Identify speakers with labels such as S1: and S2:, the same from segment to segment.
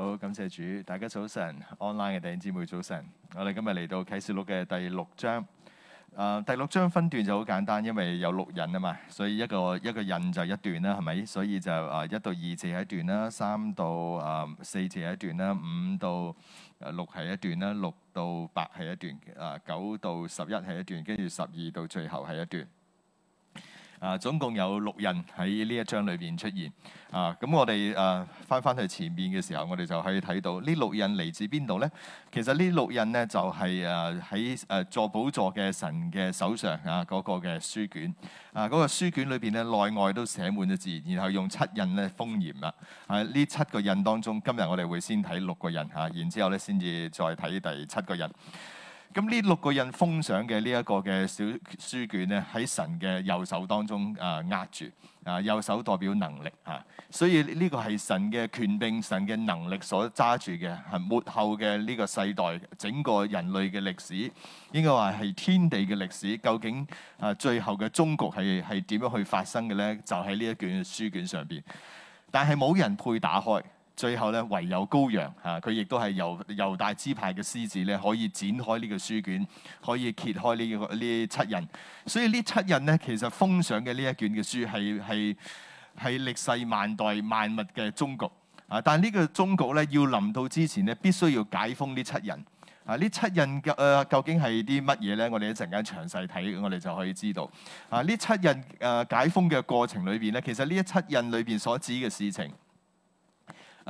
S1: 好，感謝主，大家早晨，online 嘅弟兄姊妹早晨。我哋今日嚟到啟示錄嘅第六章。誒、呃，第六章分段就好簡單，因為有六印啊嘛，所以一個一個印就一段啦，係咪？所以就誒、呃、一到二字係一段啦，三到誒、呃、四字係一段啦，五到誒六係一段啦，六到八係一段，誒、呃、九到十一係一段，跟住十二到最後係一段。啊，總共有六印喺呢一章裏邊出現。啊，咁我哋誒翻翻去前面嘅時候，我哋就可以睇到呢六印嚟自邊度咧？其實呢六印咧就係誒喺誒坐寶座嘅神嘅手上啊，嗰個嘅書卷啊，嗰個書卷裏邊咧內外都寫滿咗字，然後用七印咧封嚴啦。啊，呢七個印當中，今日我哋會先睇六個印嚇，啊，然之後咧先至再睇第七個印。咁呢六個印封上嘅呢一個嘅小書卷咧，喺神嘅右手當中啊，壓住啊，右手代表能力啊，所以呢個係神嘅權柄，神嘅能力所揸住嘅，係末後嘅呢個世代，整個人類嘅歷史應該話係天地嘅歷史，究竟啊最後嘅終局係係點樣去發生嘅咧？就喺呢一卷書卷上邊，但係冇人配打開。最後咧，唯有羔羊啊！佢亦都係由猶大支派嘅獅子咧，可以展開呢個書卷，可以揭開呢、這個呢七印。所以七印呢七印咧，其實封上嘅呢一卷嘅書係係係歷世萬代萬物嘅終局啊！但係呢個終局咧，要臨到之前咧，必須要解封呢七印啊！呢七印嘅誒究竟係啲乜嘢咧？我哋一陣間詳細睇，我哋就可以知道啊！呢七印誒、呃、解封嘅過程裏邊咧，其實呢一七印裏邊所指嘅事情。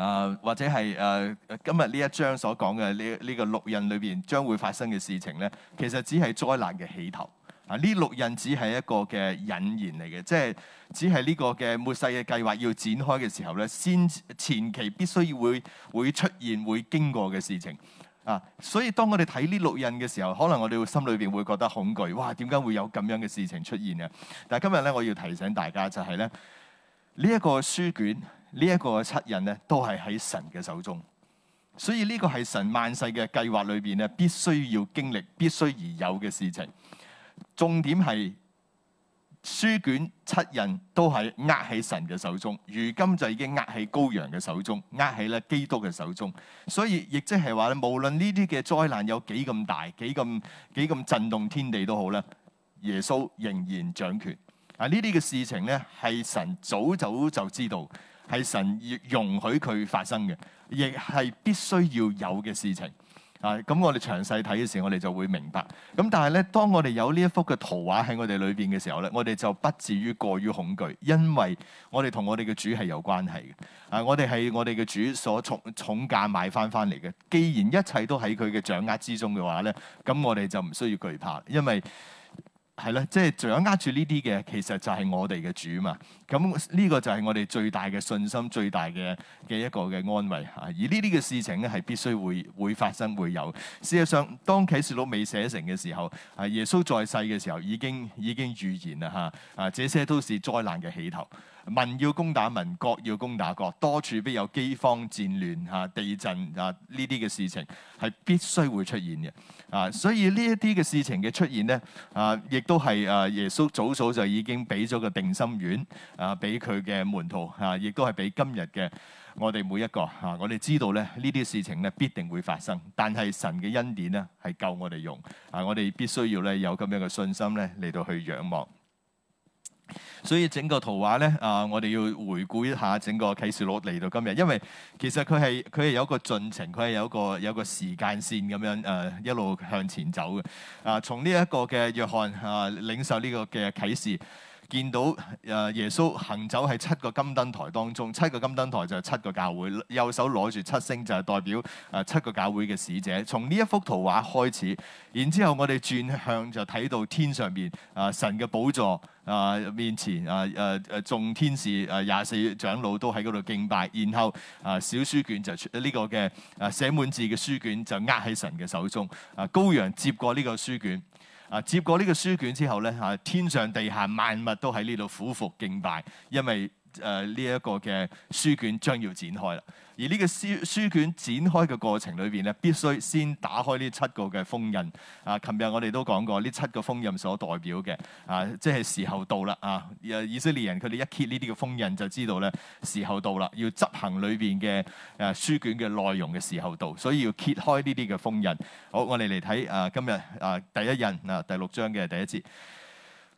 S1: 啊，或者係誒、呃、今日呢一章所講嘅呢呢個六印裏邊將會發生嘅事情咧，其實只係災難嘅起頭。啊，呢六印只係一個嘅引言嚟嘅，即係只係呢個嘅末世嘅計劃要展開嘅時候咧，先前期必須會會出現會經過嘅事情。啊，所以當我哋睇呢六印嘅時候，可能我哋會心裏邊會覺得恐懼。哇，點解會有咁樣嘅事情出現啊？但係今日咧，我要提醒大家就係咧，呢、這、一個書卷。呢一個七印咧，都係喺神嘅手中，所以呢個係神萬世嘅計劃裏邊咧，必須要經歷、必須而有嘅事情。重點係書卷七印都係握喺神嘅手中，如今就已經握喺羔羊嘅手中，握喺咧基督嘅手中。所以亦即係話咧，無論呢啲嘅災難有幾咁大、幾咁幾咁震動天地都好咧，耶穌仍然掌權啊。呢啲嘅事情咧，係神早早就知道，係神容許佢發生嘅，亦係必須要有嘅事情。啊，咁我哋詳細睇嘅時候，我哋就會明白。咁但係咧，當我哋有呢一幅嘅圖畫喺我哋裏邊嘅時候咧，我哋就不至於過於恐懼，因為我哋同我哋嘅主係有關係嘅。啊，我哋係我哋嘅主所重重價買翻翻嚟嘅。既然一切都喺佢嘅掌握之中嘅話咧，咁我哋就唔需要懼怕，因為。係啦，即係掌握住呢啲嘅，其實就係我哋嘅主嘛。咁呢個就係我哋最大嘅信心，最大嘅嘅一個嘅安慰啊！而呢啲嘅事情咧，係必須會會發生，會有。事實上，當啟示錄未寫成嘅時候，啊耶穌在世嘅時候，已經已經預言啦，吓啊，這些都是災難嘅起頭。民要攻打民，國要攻打國，多處必有饑荒、戰亂、吓、啊、地震啊！呢啲嘅事情係必須會出現嘅啊，所以呢一啲嘅事情嘅出現咧啊，亦都係啊耶穌早早就已經俾咗個定心丸啊，俾佢嘅門徒啊，亦都係俾今日嘅我哋每一個啊，我哋知道咧呢啲事情咧必定會發生，但係神嘅恩典咧係夠我哋用啊，我哋必須要咧有咁樣嘅信心咧嚟到去仰望。所以整個圖畫咧，啊、呃，我哋要回顧一下整個啟示錄嚟到今日，因為其實佢係佢係有一個進程，佢係有一個有一個時間線咁樣，誒、呃、一路向前走嘅。啊、呃，從呢一個嘅約翰啊、呃、領受呢個嘅啟示。見到誒耶穌行走喺七個金燈台當中，七個金燈台就係七個教會，右手攞住七星就係代表誒七個教會嘅使者。從呢一幅圖畫開始，然之後我哋轉向就睇到天上面誒、啊、神嘅寶座誒、啊、面前誒誒誒眾天使誒廿、啊、四長老都喺嗰度敬拜，然後誒、啊、小書卷就出呢、這個嘅誒寫滿字嘅書卷就握喺神嘅手中，誒羔羊接過呢個書卷。啊！接過呢個書卷之後呢啊！天上地下萬物都喺呢度俯伏敬拜，因為。誒呢、啊、一個嘅書卷將要展開啦，而呢個書書卷展開嘅過程裏邊咧，必須先打開呢七個嘅封印。啊，琴日我哋都講過，呢七個封印所代表嘅啊，即係時候到啦啊！以色列人佢哋一揭呢啲嘅封印，就知道咧時候到啦，要執行裏邊嘅誒書卷嘅內容嘅時候到，所以要揭開呢啲嘅封印。好，我哋嚟睇誒今日誒、啊、第一印嗱、啊、第六章嘅第一節。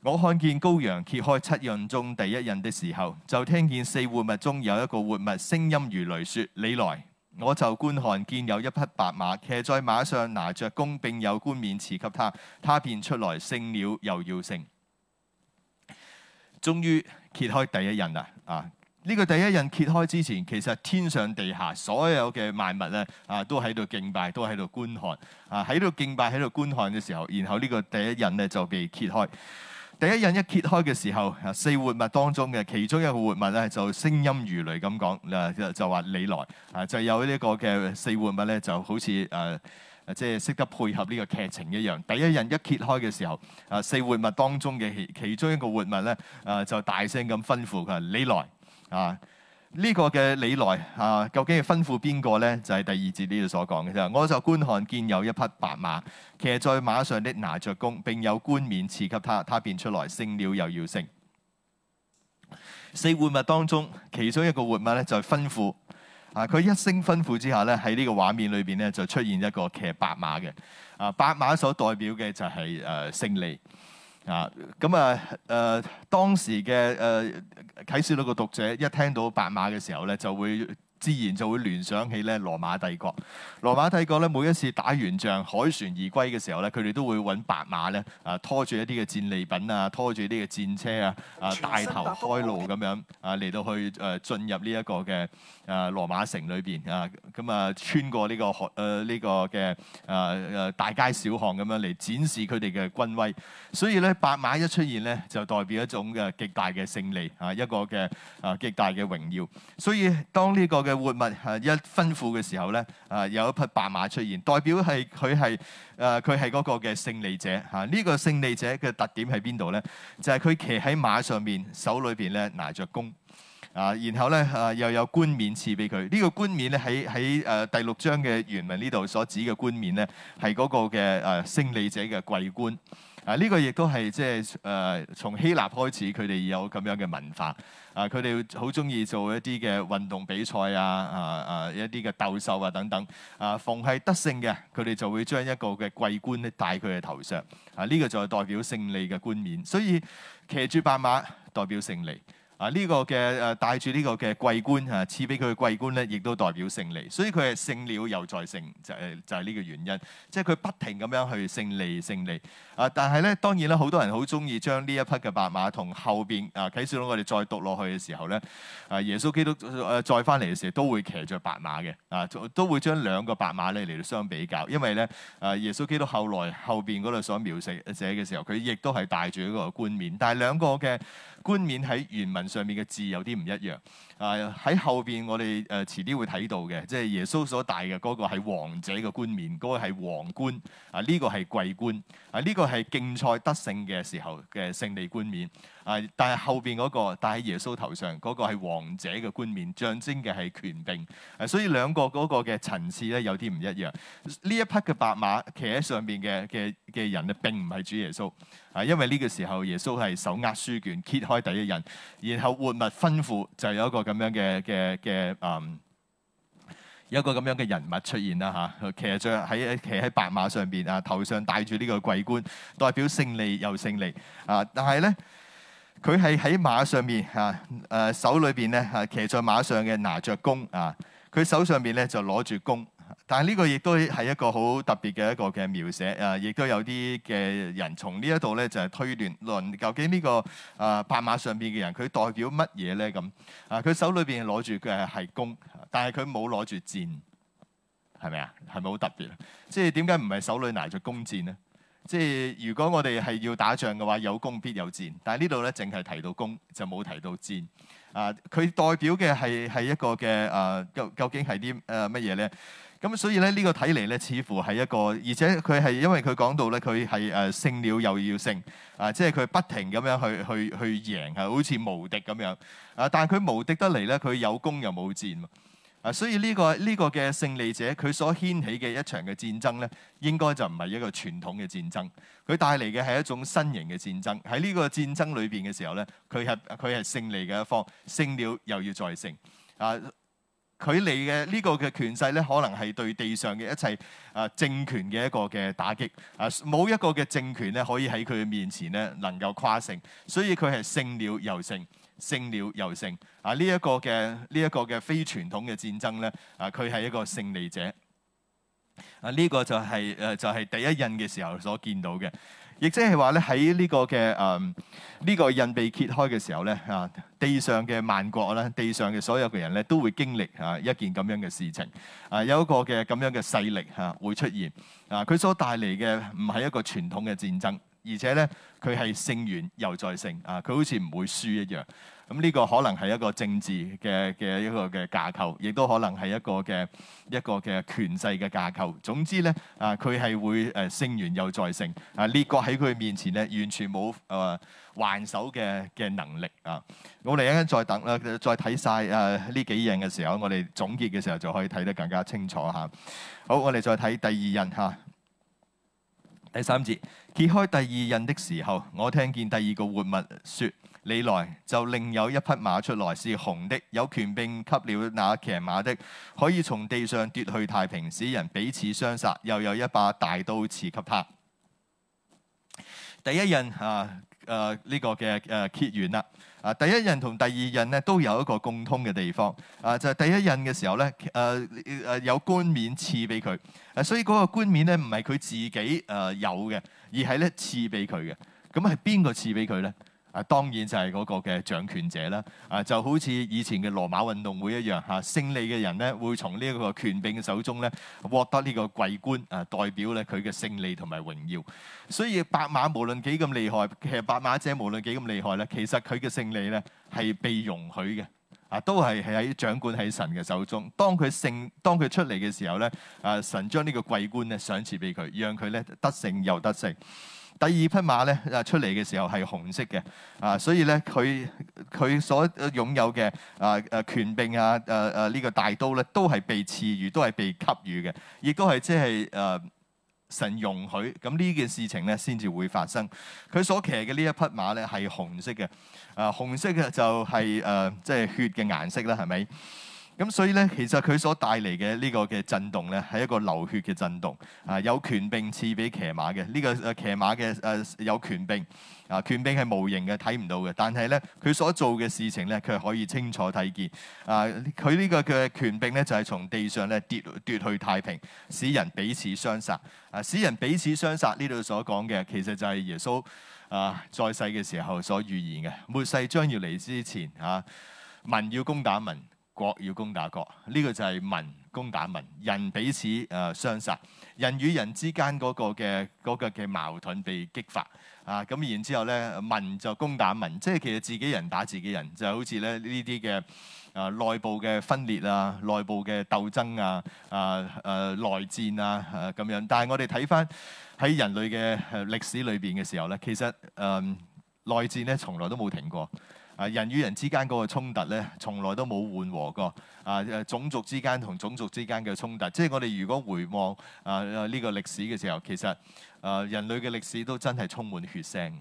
S1: 我看見羔羊揭開七印中第一印的時候，就聽見四活物中有一個活物聲音如雷，説：你來！我就觀看見有一匹白馬騎在馬上，拿着弓，並有冠冕賜給他。他便出來，勝了又要勝。終於揭開第一印啦！啊，呢個第一印揭開之前，其實天上地下所有嘅萬物呢，啊都喺度敬拜，都喺度觀看啊，喺度敬拜，喺度觀看嘅時候，然後呢個第一印呢，就被揭開。第一印一揭開嘅時候，四活物當中嘅其中一個活物咧，就聲音如雷咁講、呃，就就話你來，啊、就有呢個嘅四活物咧，就好似誒即係識得配合呢個劇情一樣。第一印一揭開嘅時候，四活物當中嘅其中一個活物咧、呃，就大聲咁吩咐佢：你來啊！呢個嘅你來啊，究竟係吩咐邊個咧？就係第二節呢度所講嘅啫。我就觀看見有一匹白馬，騎在馬上的拿着弓，並有冠冕賜給他，他便出來勝了又要勝。四活物當中，其中一個活物咧，就係吩咐啊！佢一聲吩咐之下咧，喺呢個畫面裏邊咧就出現一個騎白馬嘅啊！白馬所代表嘅就係誒勝利。啊，咁啊，誒，當時嘅誒，啟示錄嘅讀者一聽到白馬嘅時候咧，就會。自然就會聯想起咧，羅馬帝國，羅馬帝國咧每一次打完仗凱旋而歸嘅時候咧，佢哋都會揾白馬咧啊拖住一啲嘅戰利品啊，拖住啲嘅戰車啊，啊帶頭開路咁樣啊嚟，到去誒進入呢一個嘅誒羅馬城裏邊啊，咁啊穿過呢個學，誒呢個嘅誒誒大街小巷咁樣嚟展示佢哋嘅軍威。所以咧白馬一出現咧，就代表一種嘅極大嘅勝利啊，一個嘅啊極大嘅榮耀。所以當呢個嘅活物吓一吩咐嘅時候咧，啊有一匹白馬出現，代表係佢係誒佢係嗰個嘅勝利者吓。呢、啊這個勝利者嘅特點喺邊度咧？就係、是、佢騎喺馬上面，手裏邊咧拿著弓啊，然後咧又有冠冕賜俾佢。呢、這個冠冕咧喺喺誒第六章嘅原文呢度所指嘅冠冕咧，係嗰個嘅誒、啊、勝利者嘅桂冠。啊！呢、這個亦都係即係誒，從、呃、希臘開始，佢哋有咁樣嘅文化。啊，佢哋好中意做一啲嘅運動比賽啊，啊啊一啲嘅鬥獸啊等等。啊，逢係得勝嘅，佢哋就會將一個嘅桂冠咧戴佢嘅頭上。啊，呢、這個就係代表勝利嘅冠冕。所以騎住白馬代表勝利。啊！呢、這個嘅誒帶住呢個嘅桂冠嚇，賜俾佢嘅桂冠咧，亦都代表勝利。所以佢係勝了又再勝，就係、是、就係、是、呢個原因。即係佢不停咁樣去勝利、勝利。啊！但係咧，當然咧，好多人好中意將呢一匹嘅白馬同後邊啊，啟示錄我哋再讀落去嘅時候咧，啊，耶穌基督誒再翻嚟嘅時候都會騎着白馬嘅。啊，都都會將兩個白馬咧嚟到相比較，因為咧啊，耶穌基督後來後邊嗰度所描寫寫嘅時候，佢亦都係帶住一個冠冕，但係兩個嘅。冠冕喺原文上面嘅字有啲唔一樣。喺、啊、後邊我哋誒、呃、遲啲會睇到嘅，即係耶穌所戴嘅嗰個係王者嘅冠冕，嗰、嗰個係皇冠啊！呢、呢個係桂冠啊！呢、呢個係競賽得勝嘅時候嘅勝利冠冕啊！但係後邊嗰、嗰個戴喺耶穌頭上嗰、嗰個係王者嘅冠冕，象徵嘅係權柄啊！所以兩個嗰個嘅層次咧有啲唔一樣。呢一匹嘅白馬騎喺上邊嘅嘅嘅人咧並唔係主耶穌啊！因為呢個時候耶穌係手握書卷揭開第一印，然後活物吩咐就有一個。咁樣嘅嘅嘅啊，有、嗯、一個咁樣嘅人物出現啦嚇，騎、啊、着喺騎喺白馬上邊啊，頭上戴住呢個桂冠，代表勝利又勝利啊！但係咧，佢係喺馬上面啊，誒手裏邊咧係騎在馬上嘅拿着弓啊，佢手上面咧就攞住弓。但係呢個亦都係一個好特別嘅一個嘅描寫誒，亦、啊、都有啲嘅人從呢一度咧就係、是、推斷論究竟呢、這個誒、呃、白馬上邊嘅人佢代表乜嘢咧？咁啊，佢手裏邊攞住嘅係弓，但係佢冇攞住箭，係咪啊？係咪好特別？即係點解唔係手裏拿住弓箭咧？即係如果我哋係要打仗嘅話，有弓必有箭。但係呢度咧，淨係提到弓就冇提到箭啊。佢代表嘅係係一個嘅誒、啊，究竟、呃、究竟係啲誒乜嘢咧？呃咁所以咧，這個、呢個睇嚟咧，似乎係一個，而且佢係因為佢講到咧，佢係誒勝了又要勝，啊，即係佢不停咁樣去去去贏，係好似無敵咁樣。啊，但係佢無敵得嚟咧，佢有功又冇戰。啊，所以呢、這個呢、這個嘅勝利者，佢所掀起嘅一場嘅戰爭咧，應該就唔係一個傳統嘅戰爭，佢帶嚟嘅係一種新型嘅戰爭。喺呢個戰爭裏邊嘅時候咧，佢係佢係勝利嘅一方，勝了又要再勝。啊。佢嚟嘅呢個嘅權勢咧，可能係對地上嘅一切啊政權嘅一個嘅打擊啊，冇一個嘅政權咧可以喺佢嘅面前咧能夠誇勝，所以佢係勝了又勝，勝了又勝啊！呢、這、一個嘅呢一個嘅非傳統嘅戰爭咧啊，佢係一個勝利者啊！呢、這個就係、是、誒、啊、就係、是、第一印嘅時候所見到嘅。亦即係話咧，喺呢個嘅誒呢個印被揭開嘅時候咧啊，地上嘅萬國咧，地上嘅所有嘅人咧，都會經歷啊一件咁樣嘅事情啊，有一個嘅咁樣嘅勢力啊會出現啊，佢所帶嚟嘅唔係一個傳統嘅戰爭。而且咧，佢係勝完又再勝啊！佢好似唔會輸一樣。咁呢個可能係一個政治嘅嘅一個嘅架構，亦都可能係一個嘅一個嘅權勢嘅架構。總之咧，啊佢係會誒勝完又再勝啊！呢個喺佢面前咧，完全冇誒還手嘅嘅能力啊！我哋一陣再等啦，再睇晒誒呢幾樣嘅時候，我哋總結嘅時候就可以睇得更加清楚嚇。好，我哋再睇第二印。嚇。第三節，揭開第二印的時候，我聽見第二個活物說：你來，就另有一匹馬出來，是紅的，有權柄賜給那騎馬的，可以從地上奪去太平，使人彼此相殺。又有一把大刀賜給他。第一印啊！呃誒呢、呃這個嘅誒揭遠啦啊，第一印同第二印咧都有一個共通嘅地方啊、呃，就係、是、第一印嘅時候咧誒誒有冠冕賜俾佢啊，所以嗰個冠冕咧唔係佢自己誒、呃、有嘅，而係咧賜俾佢嘅。咁係邊個賜俾佢咧？啊，當然就係嗰個嘅掌權者啦！啊，就好似以前嘅羅馬運動會一樣，嚇勝利嘅人咧，會從呢一個權柄嘅手中咧，獲得呢個桂冠啊，代表咧佢嘅勝利同埋榮耀。所以，白馬無論幾咁厲害，其實白馬者無論幾咁厲害咧，其實佢嘅勝利咧係被容許嘅，啊，都係係喺掌管喺神嘅手中。當佢勝，當佢出嚟嘅時候咧，啊，神將呢個桂冠咧賞賜俾佢，讓佢咧得勝又得勝。第二匹馬咧，出嚟嘅時候係紅色嘅，啊，所以咧佢佢所擁有嘅啊啊權柄啊，誒誒呢個大刀咧，都係被賜予，都係被給予嘅，亦都係即係誒神容許，咁呢件事情咧先至會發生。佢所騎嘅呢一匹馬咧係紅色嘅，啊，紅色嘅就係誒即係血嘅顏色啦，係咪？咁所以咧，其實佢所帶嚟嘅呢個嘅震動咧，係一個流血嘅震動。啊，有權柄賜俾騎馬嘅呢、這個誒騎馬嘅誒有權柄。啊，權柄係無形嘅，睇唔到嘅。但係咧，佢所做嘅事情咧，佢係可以清楚睇見。啊，佢、這個、呢個嘅權柄咧，就係、是、從地上咧跌跌、奪去太平，使人彼此相殺。啊，使人彼此相殺呢度所講嘅，其實就係耶穌啊在世嘅時候所預言嘅，末世將要嚟之前啊，民要攻打民。國要攻打國，呢、這個就係民攻打民，人彼此誒相、呃、殺，人與人之間嗰個嘅嗰個嘅矛盾被激發啊！咁然之後咧，民就攻打民，即係其實自己人打自己人，就好似咧呢啲嘅啊內部嘅分裂啊、內部嘅鬥爭啊，啊誒內戰啊咁樣。但係我哋睇翻喺人類嘅歷史裏邊嘅時候咧，其實誒內、呃、戰咧從來都冇停過。人與人之間嗰個衝突咧，從來都冇緩和過。啊！誒，種族之間同種族之間嘅衝突，即係我哋如果回望啊呢、啊呢個歷史嘅時候，其實啊人類嘅歷史都真係充滿血腥。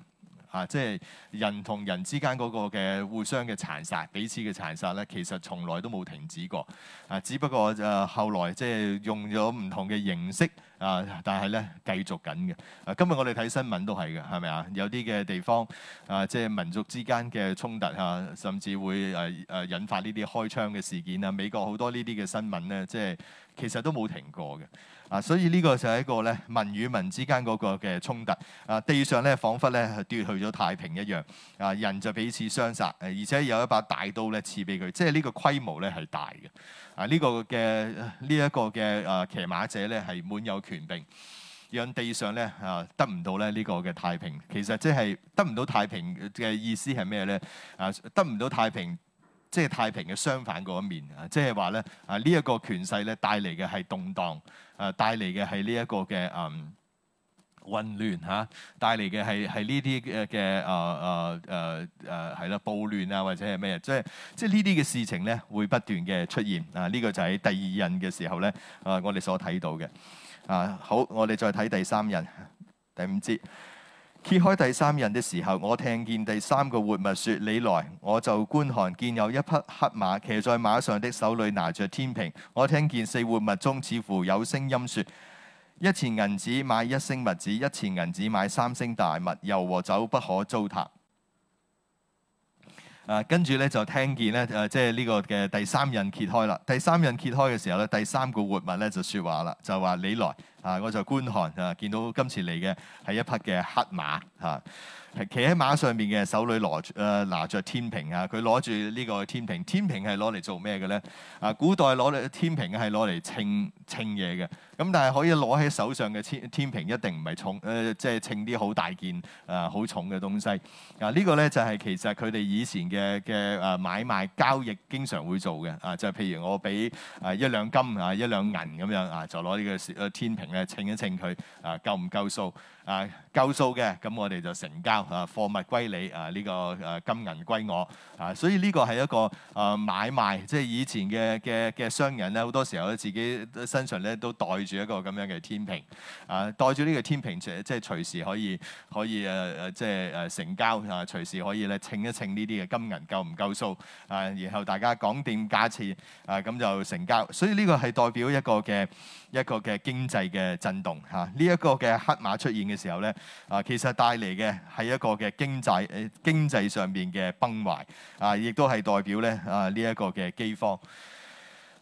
S1: 啊，即係人同人之間嗰個嘅互相嘅殘殺，彼此嘅殘殺咧，其實從來都冇停止過。啊，只不過誒、啊、後來即係用咗唔同嘅形式啊，但係咧繼續緊嘅。啊，今日我哋睇新聞都係嘅，係咪啊？有啲嘅地方啊，即係民族之間嘅衝突嚇、啊，甚至會誒誒、啊啊、引發呢啲開槍嘅事件啦、啊。美國好多呢啲嘅新聞咧，即係其實都冇停過嘅。啊，所以呢個就係一個咧民與民之間嗰個嘅衝突。啊，地上咧仿佛咧係奪去咗太平一樣。啊，人就彼此相殺，而且有一把大刀咧刺俾佢，即係呢個規模咧係大嘅。啊，呢個嘅呢一個嘅啊騎馬者咧係滿有權柄，讓地上咧啊得唔到咧呢個嘅太平。其實即係得唔到太平嘅意思係咩咧？啊，得唔到太平，即係太平嘅相反嗰一面。啊，即係話咧啊呢一個權勢咧帶嚟嘅係動盪。誒帶嚟嘅係呢一個嘅誒混亂嚇，帶嚟嘅係係呢啲嘅嘅誒誒誒誒係啦暴亂啊或者係咩？即係即係呢啲嘅事情咧會不斷嘅出現啊！呢、這個就係第二印嘅時候咧啊，我哋所睇到嘅啊好，我哋再睇第三印。第五節。揭開第三印的時候，我聽見第三個活物說：你來，我就觀看，見有一匹黑馬，騎在馬上的手裏拿着天平。我聽見四活物中似乎有聲音說：一錢銀子買一升麥子，一錢銀子買三升大麥，油和酒不可糟蹋。誒，跟住咧就聽見咧誒，即係呢個嘅第三印揭開啦。第三印揭開嘅時候咧，第三個活物咧就說話啦，就話你來。啊！我就觀看啊，見到今次嚟嘅係一匹嘅黑馬啊，係騎喺馬上邊嘅，手裏攞住誒拿著天平啊！佢攞住呢個天平，天平係攞嚟做咩嘅咧？啊，古代攞嚟天平係攞嚟稱稱嘢嘅，咁但係可以攞喺手上嘅天天平一定唔係重誒，即係稱啲好大件啊、好重嘅東西啊。這個、呢個咧就係、是、其實佢哋以前嘅嘅誒買賣交易經常會做嘅啊，即、就、係、是、譬如我俾誒一兩金啊、一兩銀咁樣啊，就攞呢、這個誒、啊、天平。誒稱一稱佢啊，夠唔夠數？啊，夠數嘅，咁我哋就成交，啊，貨物歸你，啊，呢個誒金銀歸我，啊，所以呢個係一個誒買賣，即係以前嘅嘅嘅商人咧，好多時候咧自己身上咧都帶住一個咁樣嘅天平，啊，帶住呢個天平即係隨時可以可以誒誒，即係誒成交，啊，隨時可以咧稱一稱呢啲嘅金銀夠唔夠數啊，然後大家講掂價錢啊，咁就成交，所以呢個係代表一個嘅一個嘅經濟嘅震動吓，呢一個嘅黑馬出現嘅。時候咧，啊，其實帶嚟嘅係一個嘅經濟，誒，經濟上邊嘅崩壞啊，亦都係代表咧，啊呢一個嘅饑荒。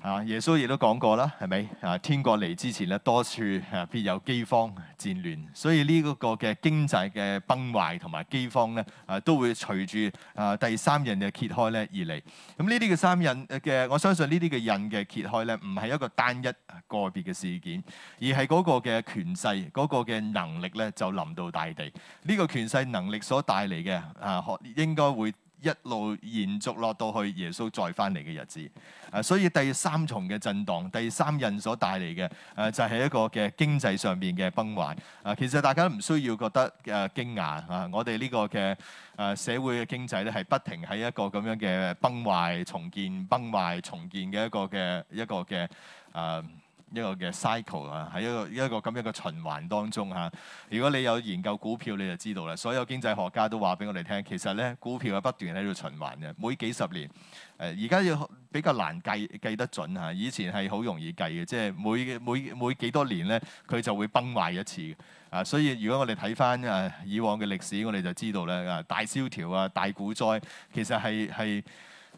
S1: 啊！耶穌亦都講過啦，係咪？啊，天國嚟之前咧，多處啊必有饑荒、戰亂。所以呢個嘅經濟嘅崩壞同埋饑荒咧，啊都會隨住啊第三印嘅揭開咧而嚟。咁呢啲嘅三印嘅，我相信呢啲嘅印嘅揭開咧，唔係一個單一個別嘅事件，而係嗰個嘅權勢、嗰個嘅能力咧就臨到大地。呢個權勢能力所帶嚟嘅啊，應該會，一路延續落到去耶穌再返嚟嘅日子，啊，所以第三重嘅震盪，第三印所帶嚟嘅，誒、啊、就係、是、一個嘅經濟上邊嘅崩壞，啊，其實大家唔需要覺得誒驚訝啊，我哋呢個嘅誒、啊、社會嘅經濟咧係不停喺一個咁樣嘅崩壞重建、崩壞重建嘅一個嘅一個嘅誒。啊一個嘅 cycle 啊，喺一個一個咁樣嘅循環當中嚇、啊。如果你有研究股票，你就知道啦。所有經濟學家都話畀我哋聽，其實呢股票係不斷喺度循環嘅。每幾十年，誒而家要比較難計計得準嚇、啊。以前係好容易計嘅，即係每每每幾多年呢，佢就會崩壞一次。啊，所以如果我哋睇返誒以往嘅歷史，我哋就知道喇啊，大蕭條啊，大股災，其實係係，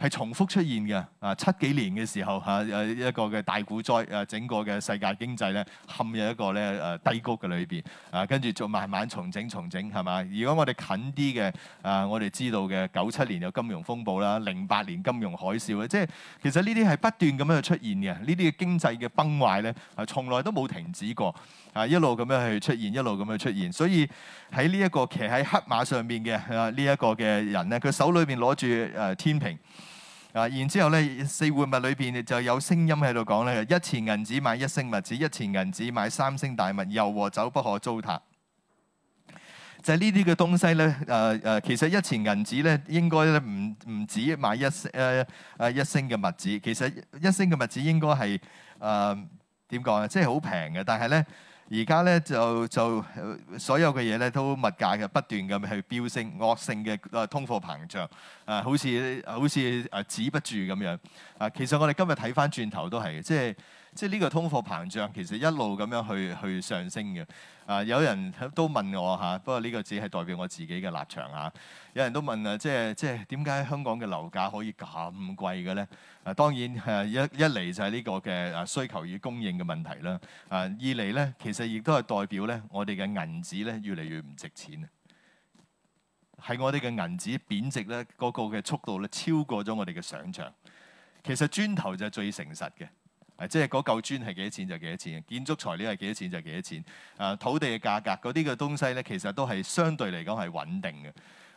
S1: 係重複出現嘅，啊七幾年嘅時候嚇，誒一個嘅大股災，誒整個嘅世界經濟咧陷入一個咧誒低谷嘅裏邊，啊跟住就慢慢重整重整係嘛？如果我哋近啲嘅，啊我哋知道嘅九七年有金融風暴啦，零八年金融海嘯啦，即係其實呢啲係不斷咁樣去出現嘅，呢啲嘅經濟嘅崩壞咧係從來都冇停止過，啊一路咁樣去出現，一路咁樣出現，所以喺呢一個騎喺黑馬上、這個、面嘅啊呢一個嘅人咧，佢手裏邊攞住誒天平。啊，然之後咧，四活物物裏邊就有聲音喺度講咧，一錢銀子買一升麥子，一錢銀子買三升大麥，油和酒不可糟蹋。就係呢啲嘅東西咧，誒、呃、誒、呃，其實一錢銀子咧應該咧唔唔止買一升，誒、呃、一升嘅麥子，其實一升嘅麥子應該係誒點講啊，即係好平嘅，但係咧。而家咧就，就所有嘅嘢咧都物價嘅不斷咁去飆升，惡性嘅啊通貨膨脹啊，好似好似啊止不住咁樣啊。其實我哋今日睇翻轉頭都係即係。就是即係呢個通貨膨脹，其實一路咁樣去去上升嘅。啊，有人都問我吓、啊，不過呢個只係代表我自己嘅立場吓、啊。有人都問啊，即係即係點解香港嘅樓價可以咁貴嘅咧？啊，當然誒、啊，一一嚟就係呢個嘅誒需求與供應嘅問題啦。啊，二嚟咧，其實亦都係代表咧，我哋嘅銀紙咧越嚟越唔值錢，係我哋嘅銀紙貶值咧，嗰個嘅速度咧超過咗我哋嘅想像。其實磚頭就係最誠實嘅。即係嗰嚿磚係幾多錢就幾多錢，建築材料係幾多錢就幾多錢。誒，啊，土地嘅價格嗰啲嘅東西咧，其實都係相對嚟講係穩定嘅。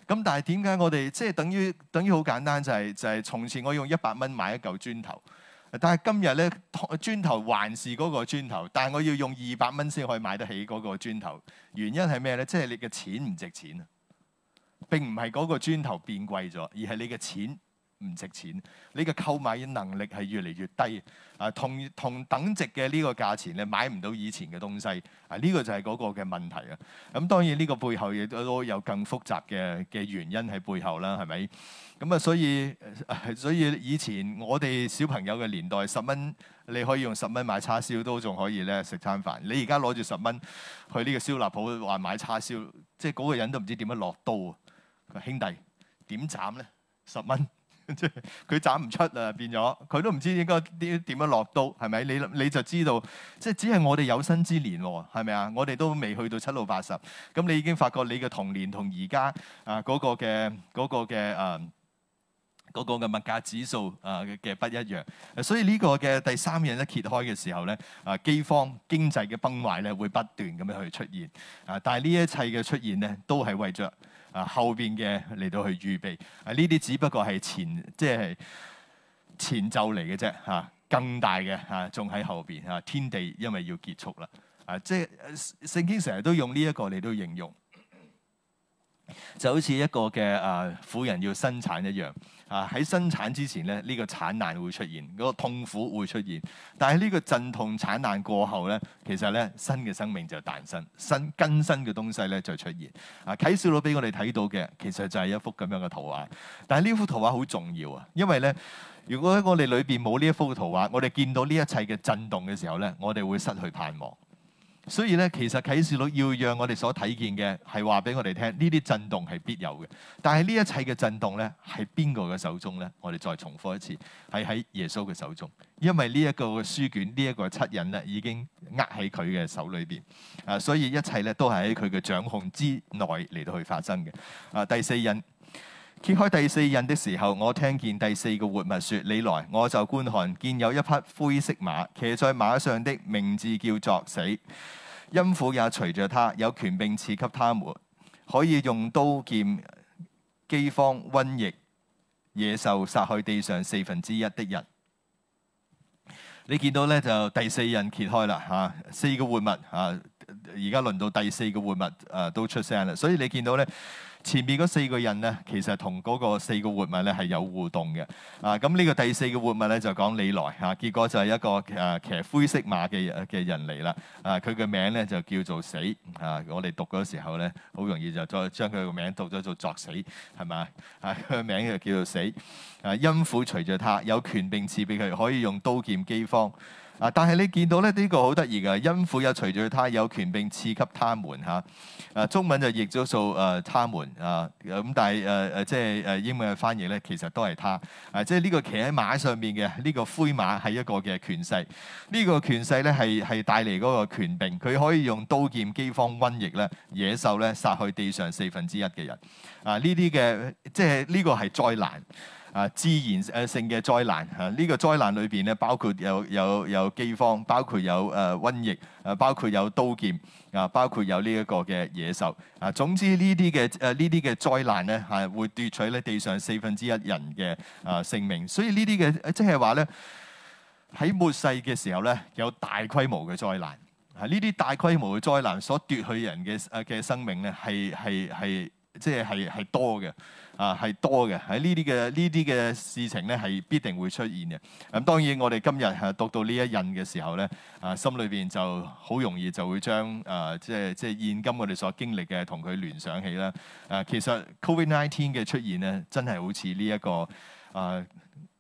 S1: 咁但係點解我哋即係等於等於好簡單就係就係從前我用一百蚊買一嚿磚頭，但係今日咧磚頭還是嗰個磚頭，但係我要用二百蚊先可以買得起嗰個磚頭。原因係咩咧？即係你嘅錢唔值錢啊！並唔係嗰個磚頭變貴咗，而係你嘅錢唔值錢，你嘅購買能力係越嚟越低，啊，同同等值嘅呢個價錢你買唔到以前嘅東西，啊呢、呢個就係嗰個嘅問題啊。咁當然呢個背後亦都有更複雜嘅嘅原因喺背後啦，係咪？咁啊，所以、啊、所以以前我哋小朋友嘅年代，十蚊你可以用十蚊買叉燒都仲可以咧食餐飯。你而家攞住十蚊去呢個燒臘鋪話買叉燒，即係嗰個人都唔知點樣落刀啊！佢話兄弟點斬咧？十蚊。即係佢斬唔出啊！變咗，佢都唔知應該點點樣落刀，係咪？你你就知道，即係只係我哋有生之年喎，係咪啊？我哋都未去到七老八十，咁你已經發覺你嘅童年同而家啊嗰個嘅嗰個嘅誒嗰個嘅物價指數啊嘅、嗰個啊嗰個、不一樣。所以呢個嘅第三樣一揭開嘅時候咧，啊饑荒、經濟嘅崩壞咧會不斷咁樣去出現。啊，但係呢一切嘅出現咧都係為著。面啊，後邊嘅嚟到去預備啊，呢啲只不過係前即係前奏嚟嘅啫嚇，更大嘅嚇仲喺後邊嚇。啊，天地因為要結束啦啊，即係聖經成日都用呢一個，嚟到形容。就好似一個嘅誒，婦、呃、人要生產一樣啊。喺生產之前咧，呢、呢個產難會出現，嗰個痛苦會出現。但係呢個陣痛產難過後咧，其實咧新嘅生命就誕生，新更新嘅東西咧就出現。啊，啟示錄俾我哋睇到嘅，其實就係一幅咁樣嘅圖畫。但係呢幅圖畫好重要啊，因為咧，如果喺我哋裏邊冇呢一幅圖畫，我哋見到呢一切嘅震動嘅時候咧，我哋會失去盼望。所以咧，其實啟示錄要讓我哋所睇見嘅係話俾我哋聽，呢啲震動係必有嘅。但係呢一切嘅震動咧，喺邊個嘅手中咧？我哋再重複一次，係喺耶穌嘅手中，因為呢一個書卷、呢、這、一個七印咧，已經握喺佢嘅手裏邊。啊，所以一切咧都係喺佢嘅掌控之內嚟到去發生嘅。啊，第四印。揭開第四印的時候，我聽見第四個活物說：你來，我就觀看，見有一匹灰色馬，騎在馬上的名字叫作死，陰府也隨着他，有權柄賜給他們，可以用刀劍、饑荒、瘟疫、野獸殺害地上四分之一的人。你見到呢，就第四印揭開啦，吓、啊、四個活物啊，而家輪到第四個活物啊都出聲啦，所以你見到呢。前面嗰四個人咧，其實同嗰個四個活物咧係有互動嘅。啊，咁、這、呢個第四個活物咧就講、是、你來嚇、啊，結果就係一個誒、啊、騎灰色馬嘅嘅人嚟啦。啊，佢嘅名咧就叫做死。啊，我哋讀嗰時候咧，好容易就再將佢個名讀咗做作死，係咪啊？佢嘅名就叫做死。啊，陰府隨著他，有權柄賜俾佢，可以用刀劍、饑荒。啊！但係你見到咧，呢、這個好得意嘅，陰府有隨著他有權柄賜給他們嚇。啊，中文就譯咗做誒他們啊。咁、呃、但係誒誒，即係誒、呃、英文嘅翻譯咧，其實都係他。啊，即係呢個騎喺馬上面嘅呢、這個灰馬係一個嘅權勢。呢、這個權勢咧係係帶嚟嗰個權柄，佢可以用刀劍、饑荒、瘟疫咧野獸咧殺去地上四分之一嘅人。啊，呢啲嘅即係呢、這個係災難。啊，自然誒性嘅災難，嚇、這、呢個災難裏邊咧，包括有有有饑荒，包括有誒瘟疫，誒包括有刀劍，啊包括有呢一個嘅野獸，啊總之呢啲嘅誒呢啲嘅災難咧，係會奪取咧地上四分之一人嘅啊性命，所以呢啲嘅即係話咧喺末世嘅時候咧，有大規模嘅災難，嚇呢啲大規模嘅災難所奪去人嘅啊嘅生命咧，係係係即係係係多嘅。啊，係多嘅喺呢啲嘅呢啲嘅事情咧，係必定會出現嘅。咁、嗯、當然我，我哋今日係讀到呢一印嘅時候咧，啊，心裏邊就好容易就會將啊，即係即係現今我哋所經歷嘅同佢聯想起啦。誒、啊，其實 COVID-19 嘅出現咧，真係好似呢一個啊，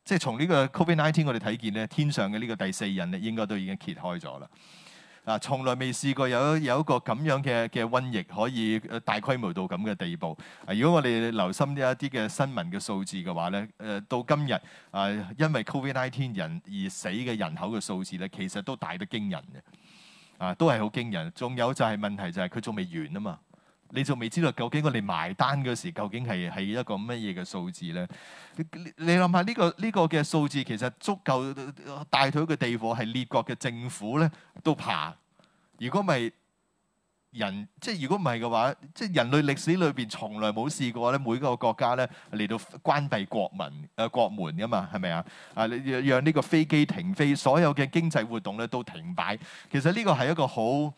S1: 即係從呢個 COVID-19 我哋睇見咧，天上嘅呢個第四印咧，應該都已經揭開咗啦。啊，從來未試過有有一個咁樣嘅嘅瘟疫可以大規模到咁嘅地步。啊，如果我哋留心一啲嘅新聞嘅數字嘅話咧，誒、呃、到今日啊、呃，因為 COVID-19 人而死嘅人口嘅數字咧，其實都大得驚人嘅。啊，都係好驚人。仲有就係問題就係佢仲未完啊嘛。你就未知道究竟我哋埋單嗰時究竟係係一個乜嘢嘅數字咧？你你諗下呢個呢個嘅數字其實足夠大腿嘅地火係列國嘅政府咧都怕。如果唔係人，即係如果唔係嘅話，即係人類歷史裏邊從來冇試過咧。每個國家咧嚟到關閉國民誒、啊、國門噶嘛，係咪啊？啊，你讓呢個飛機停飛，所有嘅經濟活動咧都停擺。其實呢個係一個好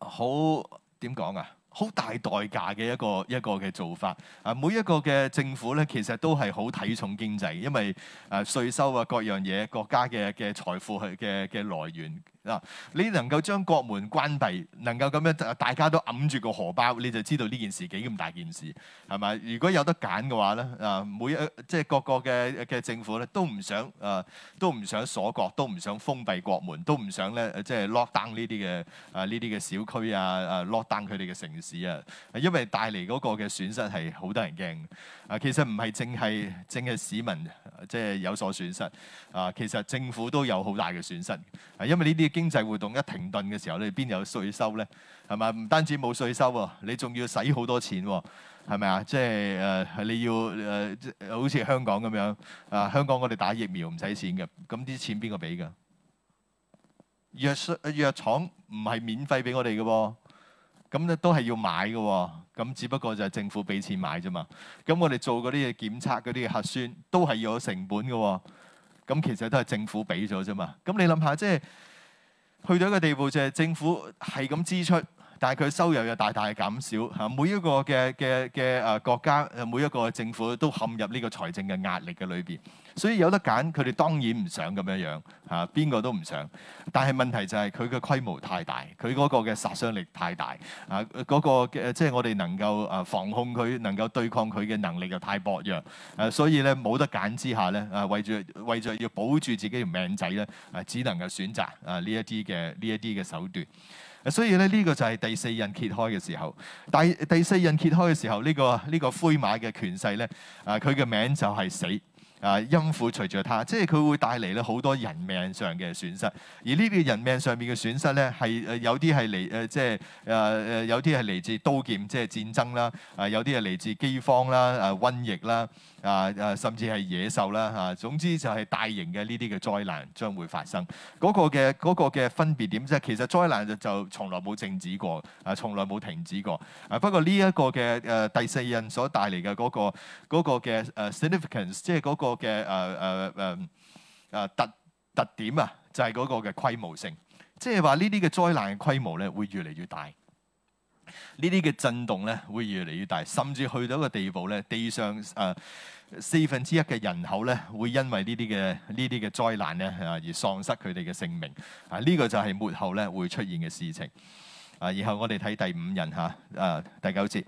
S1: 好。點講啊？好大代價嘅一個一個嘅做法啊！每一個嘅政府咧，其實都係好睇重經濟，因為誒稅收啊，各樣嘢，國家嘅嘅財富係嘅嘅來源。嗱，你能夠將國門關閉，能夠咁樣大家都揞住個荷包，你就知道呢件事幾咁大件事係咪？如果有得揀嘅話咧，啊，每一即係各個嘅嘅政府咧、呃，都唔想啊，都唔想鎖國，都唔想封閉國門，都唔想咧即係 lock down 呢啲嘅啊呢啲嘅小區啊，啊 lock down 佢哋嘅城市啊，因為帶嚟嗰個嘅損失係好得人驚。啊，其實唔係淨係淨係市民即係有所損失。啊，其實政府都有好大嘅損失。啊，因為呢啲經濟活動一停頓嘅時候，你邊有稅收咧？係咪？唔單止冇稅收喎，你仲要使好多錢喎？係咪啊？即係誒，你要誒好似香港咁樣。啊，香港我哋打疫苗唔使錢嘅，咁啲錢邊個俾㗎？藥藥廠唔係免費俾我哋嘅噃。咁都係要買嘅，咁只不過就係政府俾錢買啫嘛。咁我哋做嗰啲嘢檢測嗰啲核酸都係要有成本嘅，咁其實都係政府俾咗啫嘛。咁你諗下，即係去到一個地步就係政府係咁支出。但係佢收入又大大嘅減少嚇、啊，每一個嘅嘅嘅誒國家誒每一個政府都陷入呢個財政嘅壓力嘅裏邊，所以有得揀，佢哋當然唔想咁樣樣嚇，啊、邊個都唔想。但係問題就係佢嘅規模太大，佢嗰個嘅殺傷力太大嚇，嗰、啊嗰個嘅即係我哋能夠誒防控佢、能夠對抗佢嘅能力又太薄弱誒、啊，所以咧冇得揀之下咧誒、啊，為住為著要保住自己條命仔咧誒、啊，只能夠選擇誒呢一啲嘅呢一啲嘅手段。所以咧呢個就係第四印揭開嘅時候，第第四印揭開嘅時候呢個呢個灰馬嘅權勢咧，啊佢嘅名就係死啊，陰府隨著他，即係佢會帶嚟咧好多人命上嘅損失，而呢啲人命上面嘅損失咧係誒有啲係嚟誒即係誒誒有啲係嚟自刀劍即係戰爭啦，啊有啲係嚟自饑荒啦，啊瘟疫啦。啊啊啊，甚至係野獸啦，啊，總之就係大型嘅呢啲嘅災難將會發生。嗰個嘅嗰個嘅分別點即係其實災難就就從來冇靜止過，啊，從來冇停止過。啊，不過呢一個嘅誒、啊、第四印所帶嚟嘅嗰個嘅誒、嗰個、significance，即係嗰個嘅誒誒誒誒特特點啊，就係、係、嗰個嘅規模性，即係話呢啲嘅災難規模咧會越嚟越大，呢啲嘅震動咧會越嚟越大，甚至去到一個地步咧地上誒。啊四分之一嘅人口咧，會因為呢啲嘅呢啲嘅災難咧，啊，而喪失佢哋嘅性命。啊，呢、這個就係末後咧會出現嘅事情。啊，然後我哋睇第五印嚇，啊，第九節，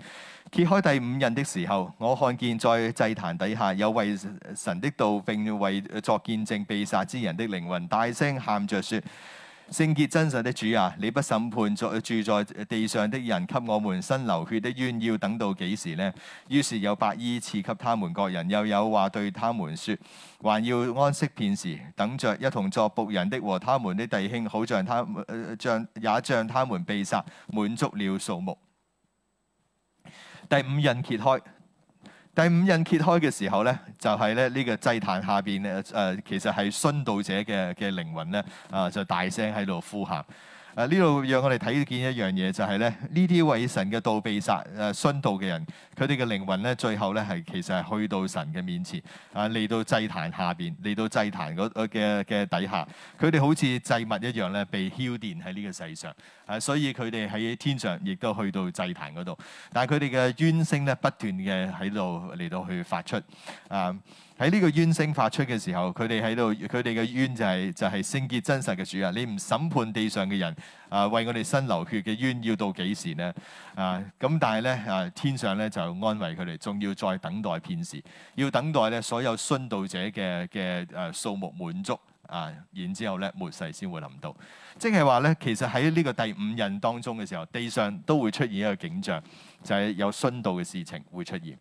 S1: 揭開第五印的時候，我看見在祭壇底下有為神的道並為作見證被殺之人的靈魂，大聲喊着說。聖潔真實的主啊，你不審判在住在地上的人，給我們伸流血的冤，要等到幾時呢？於是有白衣賜給他們各人，又有話對他們說，還要安息片時，等着一同作僕人的和他們的弟兄，好像他、呃、像也像他們被殺，滿足了數目。第五印揭開。第五印揭開嘅時候咧，就係咧呢個祭壇下邊咧，誒、呃、其實係殉道者嘅嘅靈魂咧，啊、呃、就大聲喺度呼喊。啊！呢度讓我哋睇見一樣嘢，就係咧呢啲為神嘅道被殺誒殉道嘅人，佢哋嘅靈魂咧最後咧係其實係去到神嘅面前啊，嚟到祭壇下邊，嚟到祭壇嘅嘅底下，佢哋好似祭物一樣咧被澆奠喺呢個世上啊，所以佢哋喺天上亦都去到祭壇嗰度，但係佢哋嘅冤聲咧不斷嘅喺度嚟到去發出啊。喺呢個冤聲發出嘅時候，佢哋喺度，佢哋嘅冤就係就係聖潔真實嘅主啊！你唔審判地上嘅人，啊為我哋身流血嘅冤要到幾時呢？啊咁，但係咧啊天上咧就安慰佢哋，仲要再等待片時，要等待咧所有殉道者嘅嘅誒數目滿足啊，然之後咧末世先會臨到，即係話咧其實喺呢個第五印當中嘅時候，地上都會出現一個景象，就係有殉道嘅事情會出現。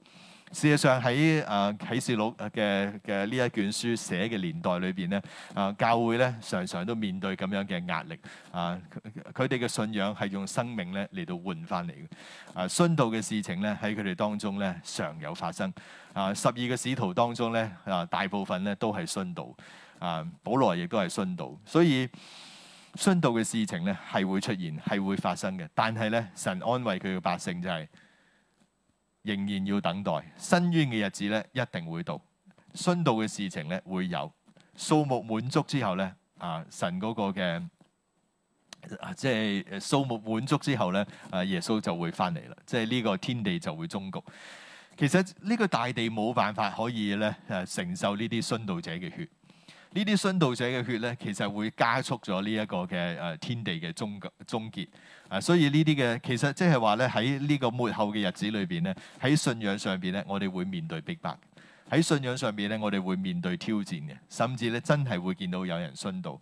S1: 事實上喺啊、呃、啟示錄嘅嘅呢一卷書寫嘅年代裏邊咧，啊、呃、教會咧常常都面對咁樣嘅壓力，啊佢哋嘅信仰係用生命咧嚟到換翻嚟嘅，啊殉道嘅事情咧喺佢哋當中咧常有發生，啊十二個使徒當中咧啊大部分咧都係殉道，啊保羅亦都係殉道，所以殉道嘅事情咧係會出現係會發生嘅，但係咧神安慰佢嘅百姓就係、是。仍然要等待，伸冤嘅日子咧，一定會到。殉道嘅事情咧，會有數目滿足之後咧，啊，神嗰個嘅啊，即係數目滿足之後咧，啊，耶穌就會翻嚟啦，即係呢個天地就會終局。其實呢個大地冇辦法可以咧，誒、啊、承受呢啲殉道者嘅血。呢啲殉道者嘅血咧，其實會加速咗呢一個嘅誒、啊、天地嘅終、終結。所以呢啲嘅，其實即係話咧，喺呢個末後嘅日子裏邊咧，喺信仰上邊咧，我哋會面對逼迫；喺信仰上邊咧，我哋會面對挑戰嘅，甚至咧，真係會見到有人殉道。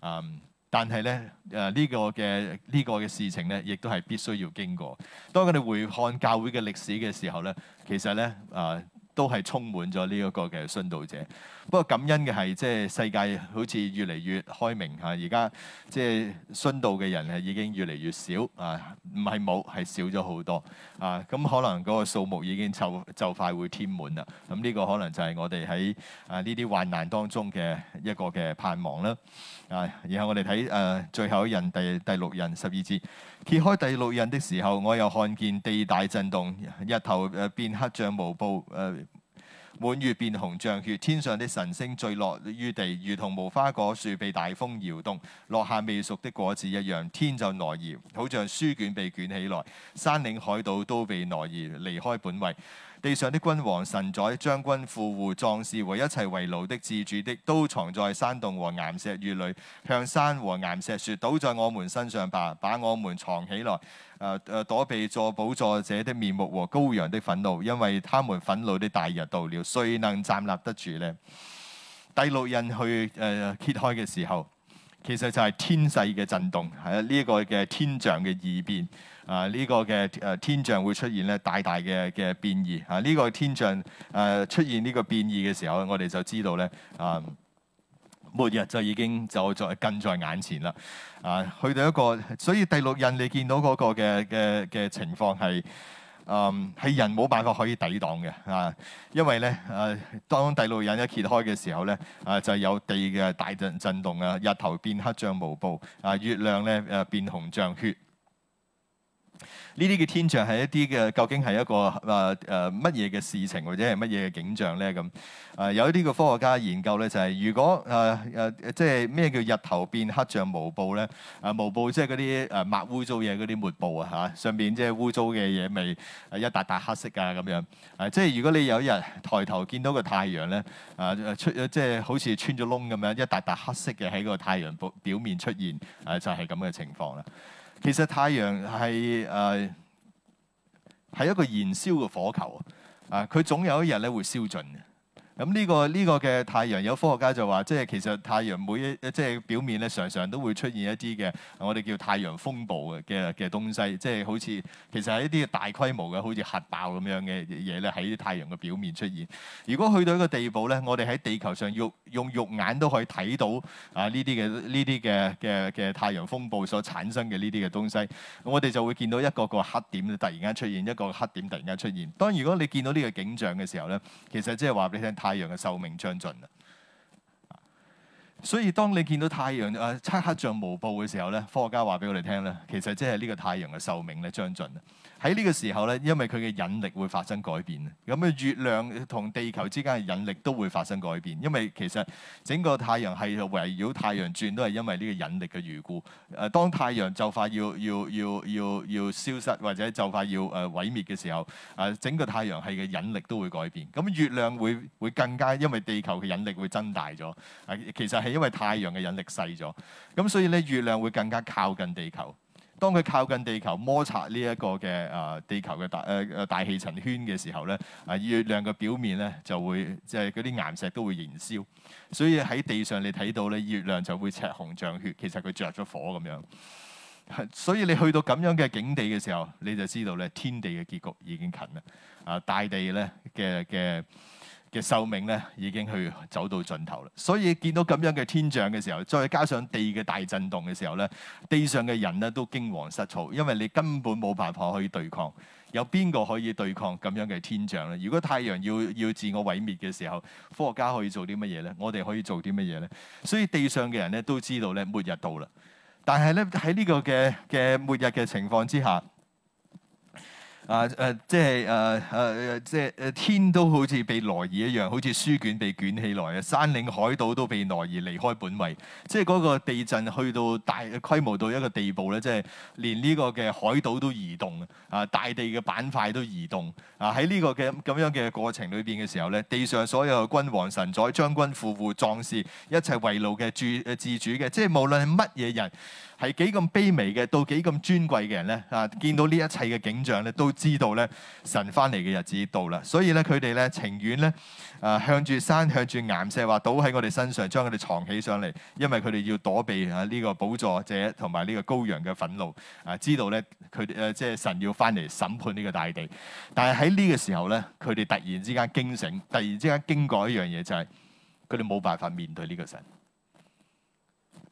S1: 嗯，但係咧，誒、呃、呢、呢個嘅呢、呢個嘅事情咧，亦都係必須要經過。當佢哋回看教會嘅歷史嘅時候咧，其實咧，啊、呃、都係充滿咗呢一個嘅殉道者。不過感恩嘅係，即係世界好似越嚟越開明嚇，而、啊、家即係殉道嘅人係已經越嚟越少啊，唔係冇，係少咗好多啊，咁、嗯、可能嗰個數目已經就就快會添滿啦。咁、啊、呢、這個可能就係我哋喺啊呢啲患難當中嘅一個嘅盼望啦。啊，然後我哋睇誒最後一印第第六印十二節，揭開第六印的時候，我又看見地大震動，日頭誒變黑像毛布誒。啊滿月變紅像血，天上的神星墜落於地，如同無花果樹被大風搖動，落下未熟的果子一樣。天就挪移，好像書卷被捲起來，山嶺海島都被挪移，離開本位。地上的君王、神宰、將軍、富戶、壯士和一切為奴的自主的，都藏在山洞和岩石穴裏，向山和岩石說：倒在我們身上吧，把我們藏起來，誒、啊啊、躲避坐寶座者的面目和羔羊的憤怒，因為他們憤怒的大日到了。誰能站立得住呢？第六印去誒、呃、揭開嘅時候，其實就係天勢嘅震動，係呢個嘅天象嘅異變。啊！呢個嘅誒天象會出現咧，大大嘅嘅變異。啊！呢個天象誒出現呢個變異嘅時候，我哋就知道咧，啊、嗯，末日就已經就在近在眼前啦。啊，去到一個，所以第六印你，你見到嗰個嘅嘅嘅情況係，嗯，係人冇辦法可以抵擋嘅。啊，因為咧誒、啊，當第六印一揭開嘅時候咧，啊就有地嘅大震震動啊，日頭變黑像毛布啊，月亮咧誒變紅像血。呢啲嘅天象係一啲嘅，究竟係一個誒誒乜嘢嘅事情，或者係乜嘢嘅景象咧？咁、呃、誒有一啲嘅科學家研究咧，就係、是、如果誒誒、呃呃、即係咩叫日頭變黑像毛布咧？誒毛布即係嗰啲誒抹污糟嘢嗰啲抹布啊嚇，上邊即係污糟嘅嘢味，一笪笪黑色啊咁樣誒。即係如果你有一日抬頭見到個太陽咧，誒、啊、出即係好似穿咗窿咁樣，一笪笪黑色嘅喺個太陽表表面出現，誒、啊、就係咁嘅情況啦。其實太陽係誒、呃、一個燃燒嘅火球，啊，佢總有一日咧會燒盡嘅。咁呢個呢個嘅太陽，有科學家就話，即係其實太陽每一即係表面咧，常常都會出現一啲嘅我哋叫太陽風暴嘅嘅嘅東西，即係好似其實係一啲大規模嘅，好似核爆咁樣嘅嘢咧，喺太陽嘅表面出現。如果去到一個地步咧，我哋喺地球上用用肉眼都可以睇到啊，呢啲嘅呢啲嘅嘅嘅太陽風暴所產生嘅呢啲嘅東西，我哋就會見到一個一個黑點突然間出現，一個黑點突然間出現。當如果你見到呢個景象嘅時候咧，其實即係話俾你聽。太陽嘅壽命將盡啦，所以當你見到太陽誒、呃、漆黑像毛布嘅時候咧，科學家話俾我哋聽咧，其實即係呢個太陽嘅壽命咧將盡啦。喺呢個時候咧，因為佢嘅引力會發生改變，咁啊月亮同地球之間嘅引力都會發生改變。因為其實整個太陽系圍繞太陽轉，都係因為呢個引力嘅緣故。誒、呃，當太陽就快要要要要要消失或者就快要誒毀滅嘅時候，誒、呃、整個太陽系嘅引力都會改變。咁月亮會會更加，因為地球嘅引力會增大咗。誒、呃，其實係因為太陽嘅引力細咗，咁所以咧月亮會更加靠近地球。當佢靠近地球摩擦呢一個嘅啊地球嘅大誒誒、呃、大氣層圈嘅時候咧，啊月亮嘅表面咧就會即係嗰啲岩石都會燃燒，所以喺地上你睇到咧月亮就會赤紅像血，其實佢着咗火咁樣。所以你去到咁樣嘅境地嘅時候，你就知道咧天地嘅結局已經近啦。啊、呃、大地咧嘅嘅。嘅壽命咧已經去走到盡頭啦，所以見到咁樣嘅天象嘅時候，再加上地嘅大震動嘅時候咧，地上嘅人咧都驚惶失措，因為你根本冇辦法可以對抗，有邊個可以對抗咁樣嘅天象咧？如果太陽要要自我毀滅嘅時候，科學家可以做啲乜嘢咧？我哋可以做啲乜嘢咧？所以地上嘅人咧都知道咧，末日到啦。但係咧喺呢個嘅嘅末日嘅情況之下，啊誒、呃，即係誒誒誒，即係誒天都好似被挪移一樣，好似書卷被捲起來啊！山嶺海島都被挪移離開本位，即係嗰個地震去到大規模到一個地步咧，即係連呢個嘅海島都移動啊！大地嘅板塊都移動啊！喺呢個嘅咁樣嘅過程裏邊嘅時候咧，地上所有君王、神宰、將軍、富戶、壯士，一切為奴嘅主、誒自主嘅，即係無論係乜嘢人，係幾咁卑微嘅，到幾咁尊貴嘅人咧啊！見到呢一切嘅景象咧，到知道咧，神翻嚟嘅日子到啦，所以咧佢哋咧情願咧啊，向住山向住岩石話倒喺我哋身上，將佢哋藏起上嚟，因為佢哋要躲避啊呢個寶座者同埋呢個羔羊嘅憤怒啊！知道咧佢哋誒即係神要翻嚟審判呢個大地，但係喺呢個時候咧，佢哋突然之間驚醒，突然之間驚覺一樣嘢，就係佢哋冇辦法面對呢個神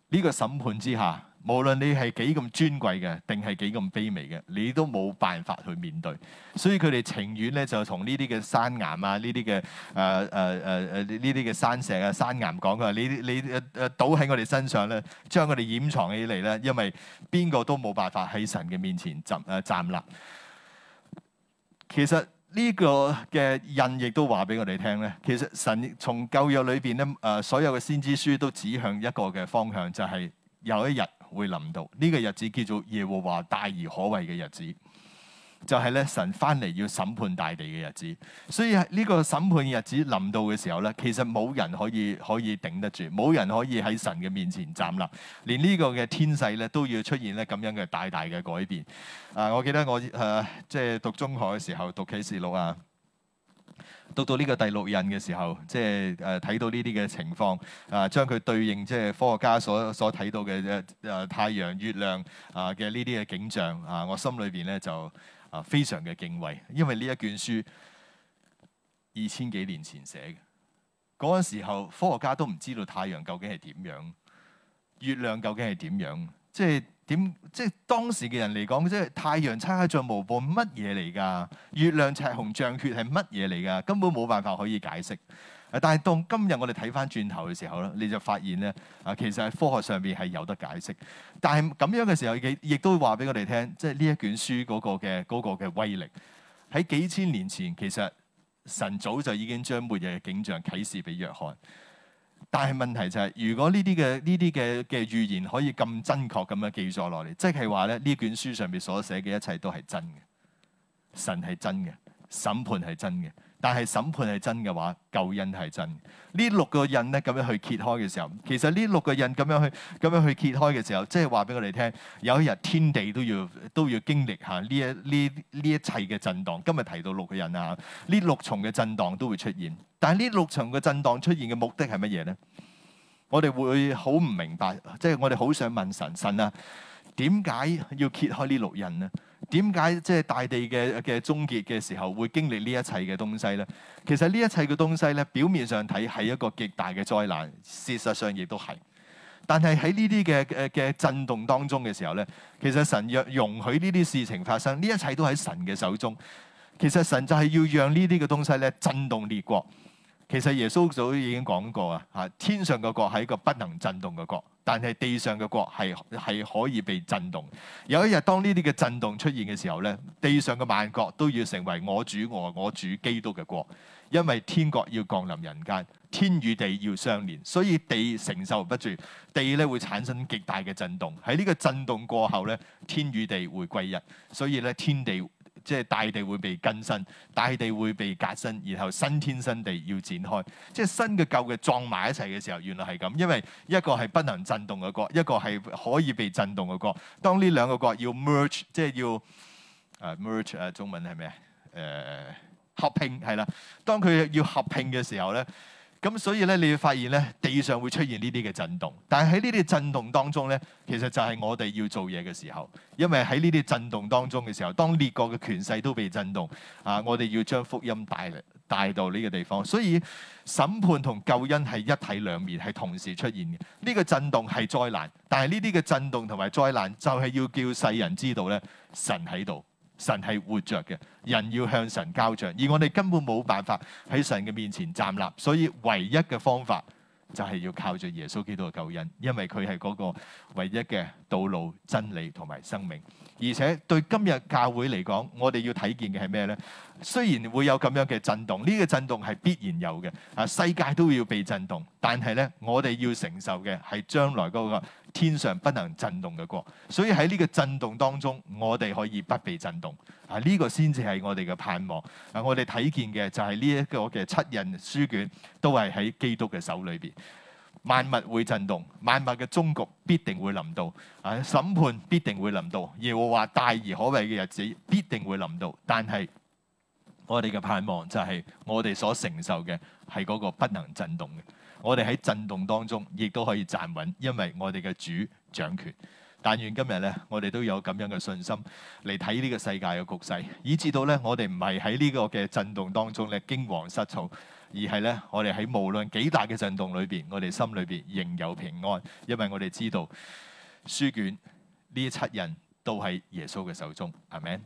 S1: 呢、呢個審判之下。無論你係幾咁尊貴嘅，定係幾咁卑微嘅，你都冇辦法去面對，所以佢哋情願咧就同呢啲嘅山岩啊，呢啲嘅誒誒誒誒呢啲嘅山石啊、山岩講佢話你你誒誒倒喺我哋身上咧，將佢哋掩藏起嚟咧，因為邊個都冇辦法喺神嘅面前站誒、呃、站立。其實呢個嘅印亦都話俾我哋聽咧，其實神從舊約裏邊咧誒，所有嘅先知書都指向一個嘅方向，就係、是、有一日。會臨到呢個日子，叫做耶和華大而可畏嘅日子，就係咧神翻嚟要審判大地嘅日子。所以呢個審判日子臨到嘅時候咧，其實冇人可以可以頂得住，冇人可以喺神嘅面前站立，連呢個嘅天勢咧都要出現咧咁樣嘅大大嘅改變。啊，我記得我誒即係讀中學嘅時候讀啟示錄啊。讀到呢個第六印嘅時候，即係誒睇到呢啲嘅情況，啊將佢對應即係科學家所所睇到嘅誒誒太陽、月亮啊嘅呢啲嘅景象，啊我心裏邊咧就啊非常嘅敬畏，因為呢一卷書二千幾年前寫嘅，嗰陣時候科學家都唔知道太陽究竟係點樣，月亮究竟係點樣，即係。點即係當時嘅人嚟講，即係太陽差啀像毛布乜嘢嚟㗎？月亮赤紅像血係乜嘢嚟㗎？根本冇辦法可以解釋。誒，但係到今日我哋睇翻轉頭嘅時候咧，你就發現咧，啊，其實喺科學上邊係有得解釋。但係咁樣嘅時候，亦都會話俾我哋聽，即係呢一卷書嗰個嘅嗰個嘅威力喺幾千年前，其實神早就已經將末日嘅景象啟示俾約翰。但係問題就係，如果呢啲嘅呢啲嘅嘅預言可以咁真確咁樣記載落嚟，即係話咧，呢卷書上邊所寫嘅一切都係真嘅，神係真嘅，審判係真嘅。但係審判係真嘅話，救恩係真。呢六個印咧，咁樣去揭開嘅時候，其實呢六個印咁樣去咁樣去揭開嘅時候，即係話俾我哋聽，有一日天，天地都要都要經歷下呢一呢呢一切嘅震盪。今日提到六個印啊，呢六重嘅震盪都會出現。但係呢六重嘅震盪出現嘅目的係乜嘢咧？我哋會好唔明白，即係我哋好想問神，神啊，點解要揭開呢六印呢？」點解即係大地嘅嘅終結嘅時候會經歷呢一切嘅東西咧？其實呢一切嘅東西咧，表面上睇係一個極大嘅災難，事實上亦都係。但係喺呢啲嘅嘅嘅震動當中嘅時候咧，其實神若容許呢啲事情發生，呢一切都喺神嘅手中。其實神就係要讓呢啲嘅東西咧震動列國。其實耶穌早已經講過啊，哈！天上嘅國係一個不能震動嘅國，但係地上嘅國係係可以被震動。有一日當呢啲嘅震動出現嘅時候咧，地上嘅萬國都要成為我主我我主基督嘅國，因為天國要降臨人間，天與地要相連，所以地承受不住，地咧會產生極大嘅震動。喺呢個震動過後咧，天與地會歸一，所以咧，天地。即係大地會被更新，大地會被革新，然後新天新地要展開。即係新嘅舊嘅撞埋一齊嘅時候，原來係咁。因為一個係不能震動嘅國，一個係可以被震動嘅國。當呢兩個國要，merge，即要、uh, merge，即係要誒 merge 誒中文係咩？誒、uh, 合併係啦。當佢要合併嘅時候咧。咁所以咧，你要發現咧，地上會出現呢啲嘅震動。但係喺呢啲震動當中咧，其實就係我哋要做嘢嘅時候，因為喺呢啲震動當中嘅時候，當列國嘅權勢都被震動啊，我哋要將福音帶嚟帶到呢個地方。所以審判同救恩係一體兩面，係同時出現嘅。呢個震動係災難，但係呢啲嘅震動同埋災難就係要叫世人知道咧，神喺度。神係活着嘅，人要向神交賬，而我哋根本冇辦法喺神嘅面前站立，所以唯一嘅方法，就係要靠著耶穌基督嘅救恩，因為佢係嗰個唯一嘅道路、真理同埋生命。而且對今日教會嚟講，我哋要睇見嘅係咩呢？雖然會有咁樣嘅震動，呢個震動係必然有嘅，啊，世界都要被震動，但係呢，我哋要承受嘅係將來嗰個天上不能震動嘅國。所以喺呢個震動當中，我哋可以不被震動。啊！呢個先至係我哋嘅盼望。啊！我哋睇見嘅就係呢一個嘅七印書卷，都係喺基督嘅手裏邊。萬物會震動，萬物嘅終局必定會臨到。啊！審判必定會臨到，耶和華大而可畏嘅日子必定會臨到。但係我哋嘅盼望就係我哋所承受嘅係嗰個不能震動嘅。我哋喺震動當中，亦都可以站穩，因為我哋嘅主掌權。但願今日咧，我哋都有咁樣嘅信心嚟睇呢個世界嘅局勢，以至到咧我哋唔係喺呢個嘅震動當中咧驚惶失措，而係咧我哋喺無論幾大嘅震動裏邊，我哋心裏邊仍有平安，因為我哋知道書卷呢七人都喺耶穌嘅手中。阿 men。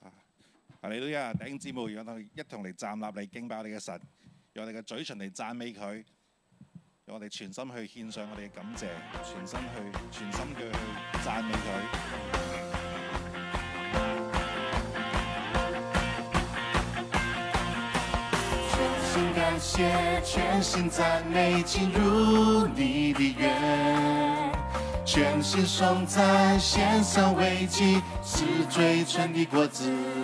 S2: 啊，你都一頂志務員去一同嚟站立嚟敬拜你嘅神。用你嘅嘴唇嚟讚美佢，用我哋全心去獻上我哋嘅感謝，全心去，全心嘅去
S3: 讚美佢。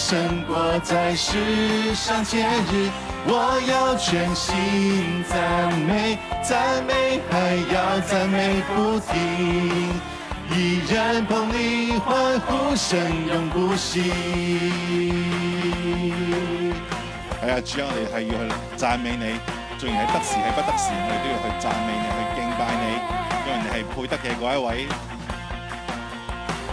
S3: 勝過在世上千日，我要全心讚美、讚美，還要讚美不停，一人捧你，歡呼聲永不息。
S2: 係啊，主要我哋係要去讚美你，縱然喺得時，喺不得時，我哋都要去讚美你，去敬拜你，因為你係配得嘅嗰一位。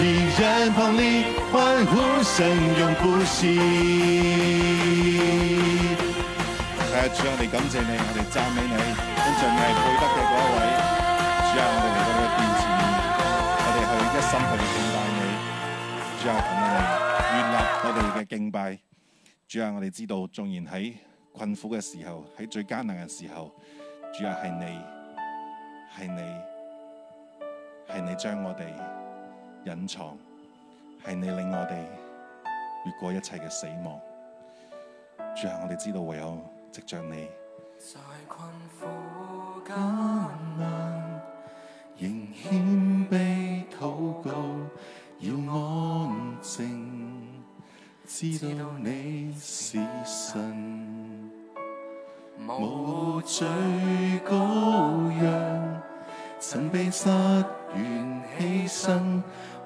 S3: 依人彷彿，歡呼聲永不息。
S2: 主啊，我哋感謝你，我哋讚美你，跟住你配得嘅嗰一位。主啊，我哋嚟到呢個殿前，我哋去一心去敬拜你。主啊，我們願立我哋嘅敬拜。主啊，我哋知道，縱然喺困苦嘅時候，喺最艱難嘅時候，主啊，係你，係你，係你將我哋。隱藏，係你令我哋越過一切嘅死亡，最後我哋知道
S3: 唯有藉着你。在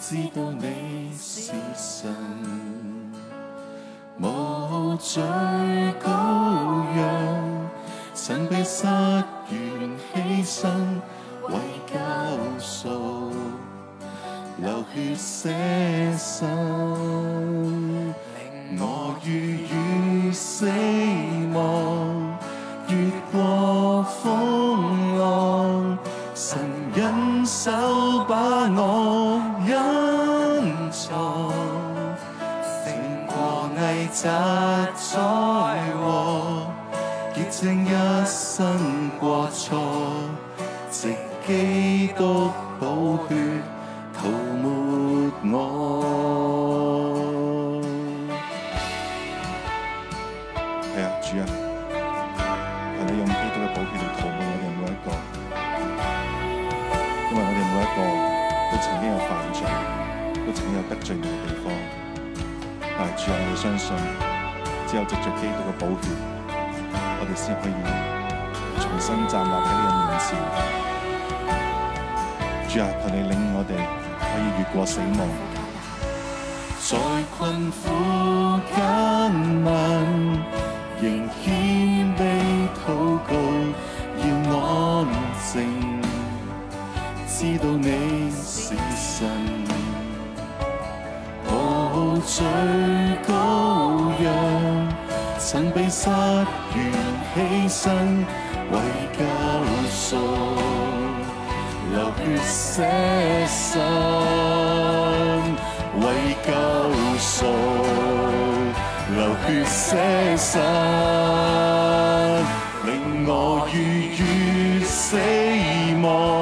S3: 知道你是神，無罪羔羊，神被失原犧牲，為救贖，流血捨身，令我遇遇死亡。親手把我隱藏，勝過危急災禍，潔淨一生過錯，藉基督寶血塗抹我。
S2: 阿主啊，求你用基督嘅寶血嚟塗抹我哋每一個。最遠地方，但係主啊，你相信，只有藉着基督嘅寶血，我哋先可以重新站立喺你嘅面前。主啊，求你令我哋可以越過死亡。在困苦
S3: 艱難，仍謙卑禱告，要安靜，知道你是神。最高仰，曾被殺如犧牲，為救贖，流血捨身，為救贖，流血捨身，令我如遇死亡。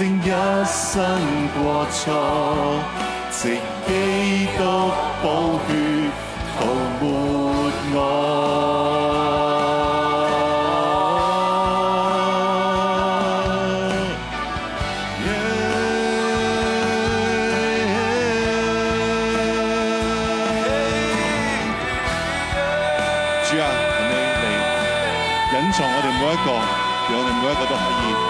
S3: 正一生過錯，藉基督寶血，塗抹我。
S2: 主啊，你嚟隱藏我哋每一個，讓我哋每一個都可以。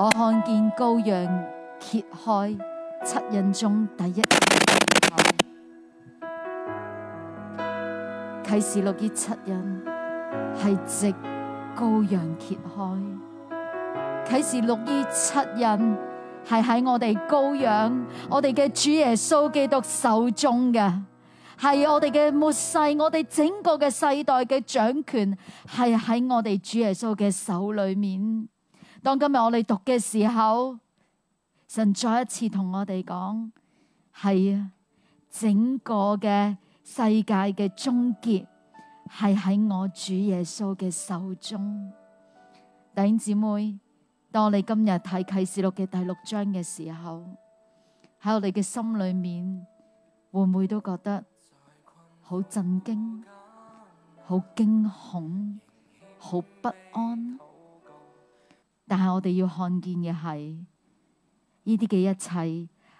S4: 我看見羔羊揭開七印中第一印後，啟示錄嘅七印係藉羔羊揭開。啟示錄嘅七印係喺我哋羔羊、我哋嘅主耶穌基督手中嘅，係我哋嘅末世、我哋整個嘅世代嘅掌權係喺我哋主耶穌嘅手裏面。當今日我哋讀嘅時候，神再一次同我哋講：係啊，整個嘅世界嘅終結係喺我主耶穌嘅手中。弟兄姊妹，當你今日睇啟示錄嘅第六章嘅時候，喺我哋嘅心裏面，會唔會都覺得好震驚、好驚恐、好不安？但係，我哋要看見嘅係呢啲嘅一切，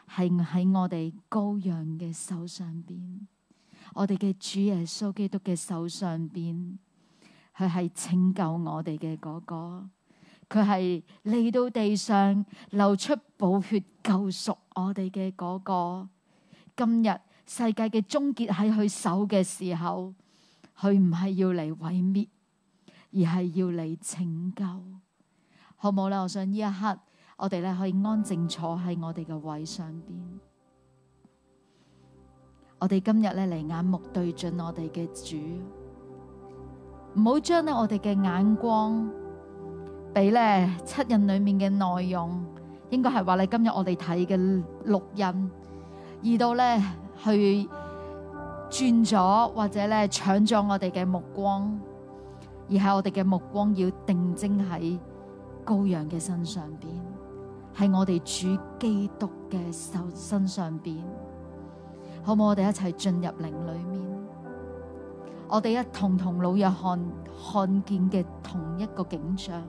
S4: 係喺我哋羔羊嘅手上邊，我哋嘅主耶穌基督嘅手上邊。佢係拯救我哋嘅嗰個，佢係嚟到地上流出寶血救贖我哋嘅嗰個。今日世界嘅終結喺佢手嘅時候，佢唔係要嚟毀滅，而係要嚟拯救。好冇啦！我想呢一刻，我哋咧可以安靜坐喺我哋嘅位上邊。我哋今日咧嚟，眼目對準我哋嘅主，唔好將咧我哋嘅眼光俾咧七印裏面嘅內容，應該係話你今日我哋睇嘅六印，而到咧去轉咗或者咧搶咗我哋嘅目光，而係我哋嘅目光要定睛喺。羔羊嘅身上邊，喺我哋主基督嘅手身上邊，可唔可我哋一齊進入靈裏面？我哋一同同老約翰看，看見嘅同一個景象，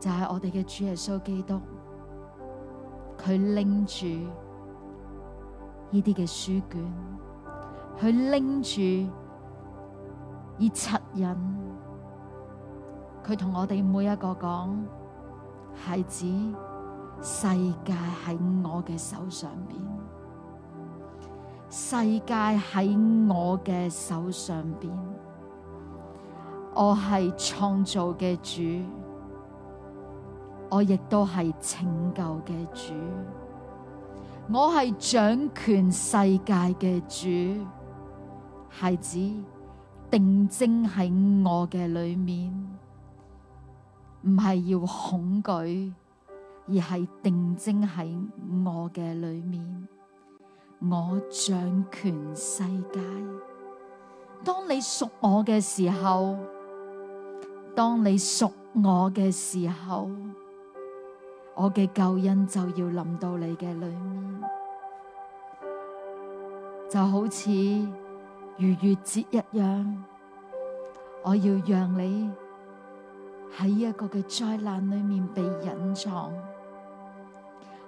S4: 就係、是、我哋嘅主耶穌基督，佢拎住呢啲嘅書卷，佢拎住呢七印。佢同我哋每一個講，孩子，世界喺我嘅手上邊，世界喺我嘅手上邊，我係創造嘅主，我亦都係拯救嘅主，我係掌權世界嘅主，孩子，定睛喺我嘅裏面。唔係要恐懼，而係定睛喺我嘅裏面，我掌權世界。當你屬我嘅時候，當你屬我嘅時候，我嘅救恩就要臨到你嘅裏面，就好似逾越節一樣，我要讓你。喺依一個嘅災難裏面被隱藏，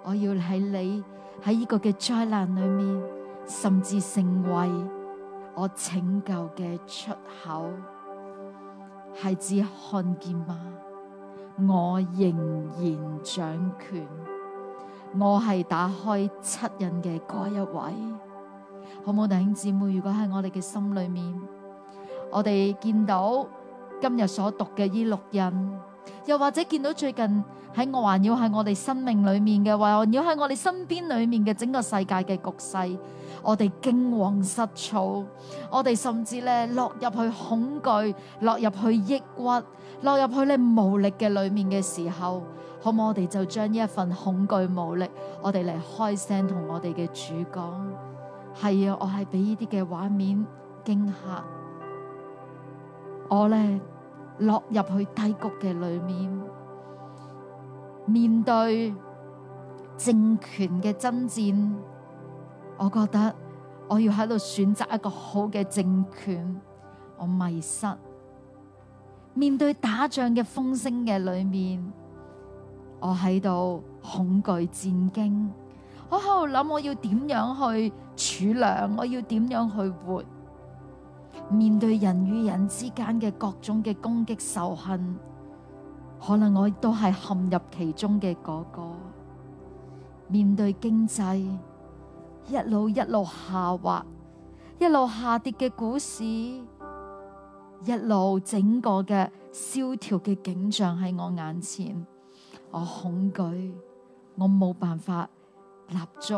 S4: 我要喺你喺依個嘅災難裏面，甚至成為我拯救嘅出口，孩子看見嗎？我仍然掌權，我係打開七印嘅嗰一位，好冇弟兄姊妹？如果喺我哋嘅心裏面，我哋見到。今日所讀嘅呢錄音，又或者見到最近喺環繞喺我哋生命裏面嘅，環繞喺我哋身邊裏面嘅整個世界嘅局勢，我哋驚惶失措，我哋甚至咧落入去恐懼，落入去抑鬱，落入去咧無力嘅裏面嘅時候，可唔可以？我哋就將呢一份恐懼無力，我哋嚟開聲同我哋嘅主講，係啊，我係俾呢啲嘅畫面驚嚇。我呢，落入去低谷嘅裏面，面對政權嘅爭戰，我覺得我要喺度選擇一個好嘅政權，我迷失。面對打仗嘅風聲嘅裏面，我喺度恐懼戰驚，我喺度諗我要點樣去儲糧，我要點樣去活。面對人與人之間嘅各種嘅攻擊仇恨，可能我都係陷入其中嘅嗰個。面對經濟一路一路下滑、一路下跌嘅股市，一路整個嘅蕭條嘅景象喺我眼前，我恐懼，我冇辦法立足。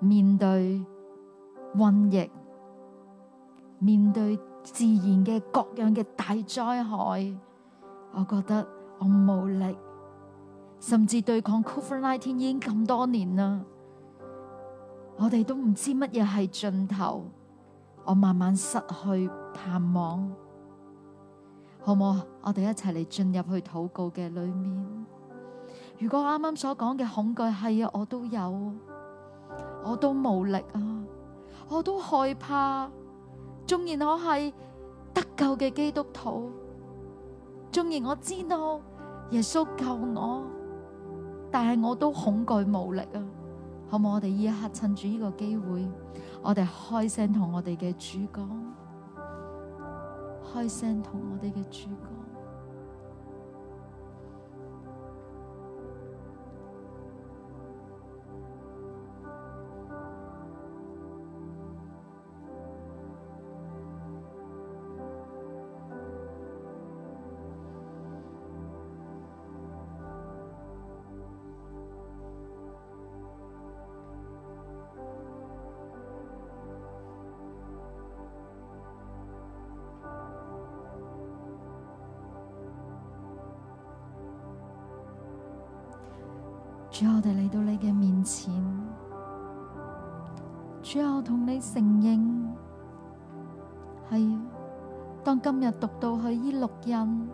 S4: 面對瘟疫。面對自然嘅各樣嘅大災害，我覺得我無力，甚至對抗 Covid nineteen 已經咁多年啦。我哋都唔知乜嘢係盡頭，我慢慢失去盼望，好唔好？我哋一齊嚟進入去禱告嘅裏面。如果啱啱所講嘅恐懼係啊，我都有，我都無力啊，我都害怕。縱然我係得救嘅基督徒，縱然我知道耶穌救我，但係我都恐懼無力啊！好唔好？我哋依一刻趁住呢個機會，我哋開聲同我哋嘅主講，開聲同我哋嘅主講。今日讀到去依六印，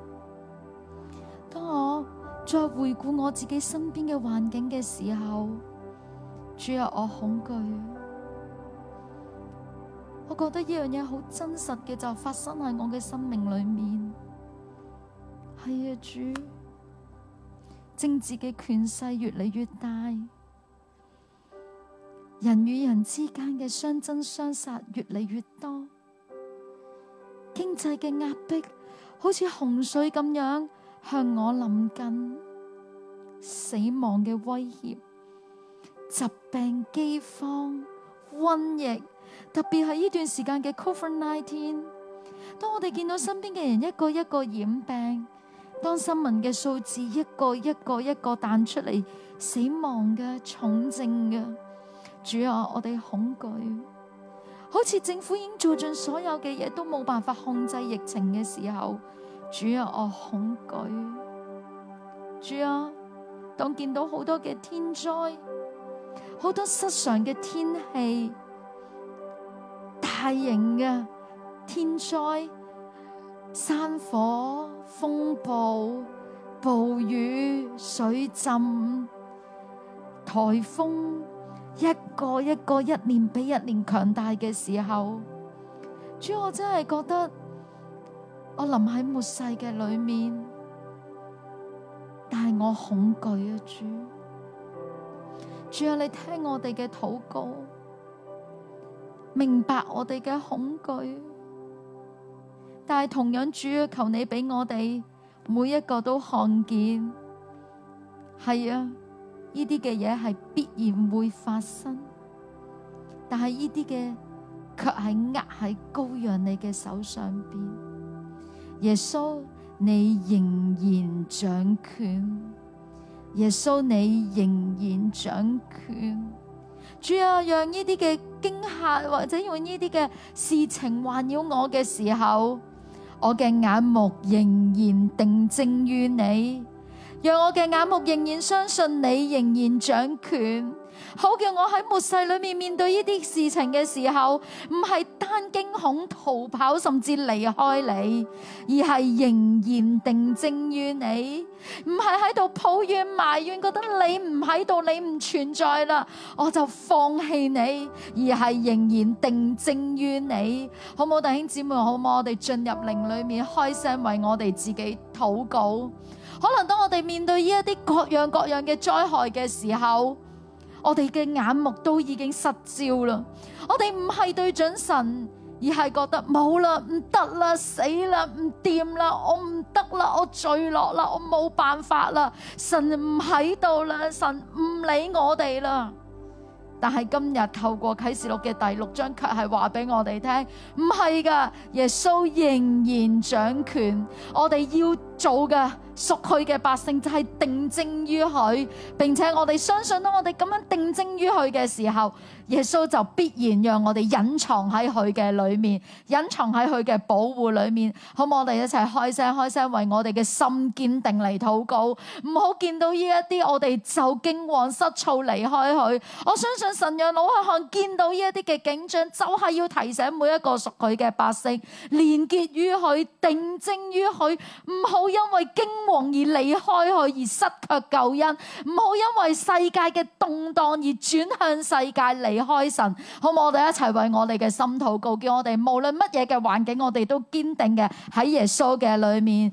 S4: 當我再回顧我自己身邊嘅環境嘅時候，主啊，我恐懼，我覺得依樣嘢好真實嘅就發生喺我嘅生命裏面。係啊，主，政治嘅權勢越嚟越大，人與人之間嘅相爭相殺越嚟越多。經濟嘅壓迫好似洪水咁樣向我臨近，死亡嘅威脅、疾病、饑荒、瘟疫，特別係呢段時間嘅 Covid 19。當我哋見到身邊嘅人一個一個染病，當新聞嘅數字一個一個一個彈出嚟，死亡嘅、重症嘅，主啊，我哋恐懼。好似政府已經做盡所有嘅嘢，都冇辦法控制疫情嘅時候，主啊，我恐懼；主啊，當見到好多嘅天災、好多失常嘅天氣、大型嘅天災、山火、風暴、暴雨、水浸、台風。一個，一個，一年比一年強大嘅時候，主，我真係覺得我臨喺末世嘅裏面，但係我恐懼啊！主，主啊！你聽我哋嘅禱告，明白我哋嘅恐懼，但係同樣，主要求你俾我哋每一個都看見，係啊！呢啲嘅嘢係必然會發生，但係呢啲嘅卻係握喺羔羊你嘅手上邊。耶穌，你仍然掌權。耶穌，你仍然掌權。主啊，讓呢啲嘅驚嚇或者用呢啲嘅事情環繞我嘅時候，我嘅眼目仍然定睛於你。讓我嘅眼目仍然相信你，仍然掌權，好叫我喺末世裏面面對呢啲事情嘅時候，唔係單驚恐逃跑，甚至離開你，而係仍然定睛於你，唔係喺度抱怨埋怨，覺得你唔喺度，你唔存在啦，我就放棄你，而係仍然定睛於你，好唔好？弟兄姊妹，好唔好？我哋進入靈裏面，開聲為我哋自己禱告。可能當我哋面對，呢一啲各樣各樣嘅災害嘅時候，我哋嘅眼目都已經失焦啦。我哋唔係對準神，而係覺得冇啦，唔得啦，死啦，唔掂啦，我唔得啦，我墜落啦，我冇辦法啦，神唔喺度啦，神唔理我哋啦。但係今日透過啟示錄嘅第六章卻，卻係話俾我哋聽，唔係噶，耶穌仍然掌權，我哋要做噶。屬佢嘅百姓就係定睛於佢，並且我哋相信啦，當我哋咁樣定睛於佢嘅時候，耶穌就必然讓我哋隱藏喺佢嘅裏面，隱藏喺佢嘅保護裏面。好，我哋一齊開聲開聲，開聲為我哋嘅心堅定嚟禱告，唔好見到呢一啲，我哋就驚惶失措離開佢。我相信神讓老約翰見到呢一啲嘅警訊，就係要提醒每一個屬佢嘅百姓，連結於佢，定睛於佢，唔好因為驚。王而離開去而失卻救恩，唔好因為世界嘅動蕩而轉向世界離開神，好唔好？我哋一齊為我哋嘅心禱告，叫我哋無論乜嘢嘅環境，我哋都堅定嘅喺耶穌嘅裏面。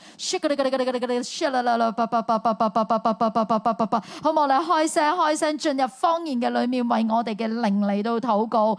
S4: 好冇？我哋開聲開聲進入方言嘅裏面，為我哋嘅靈裏都禱告。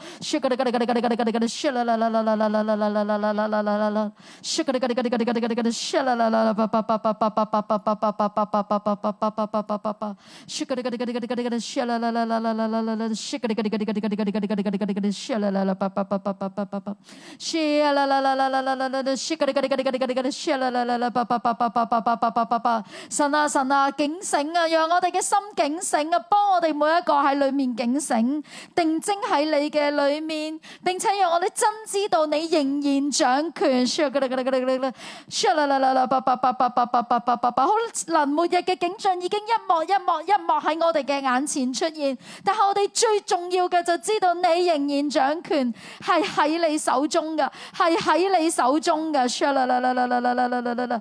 S4: 吧吧吧吧吧吧吧吧吧吧吧，神啊，神啊，警醒啊，讓我哋嘅心警醒啊，幫我哋每一個喺裏面警醒，定睛喺你嘅裏面，並且讓我哋真知道你仍然掌權。出嚟嚟嚟嚟嚟嚟，出嚟嚟嚟嚟，吧吧吧吧吧吧吧吧吧吧，好似臨末日嘅景象已經一幕一幕一幕喺我哋嘅眼前出現，但係我哋最重要嘅就知道你仍然掌權，係喺你手中嘅，係喺你手中嘅，出嚟嚟嚟嚟嚟嚟嚟嚟嚟嚟。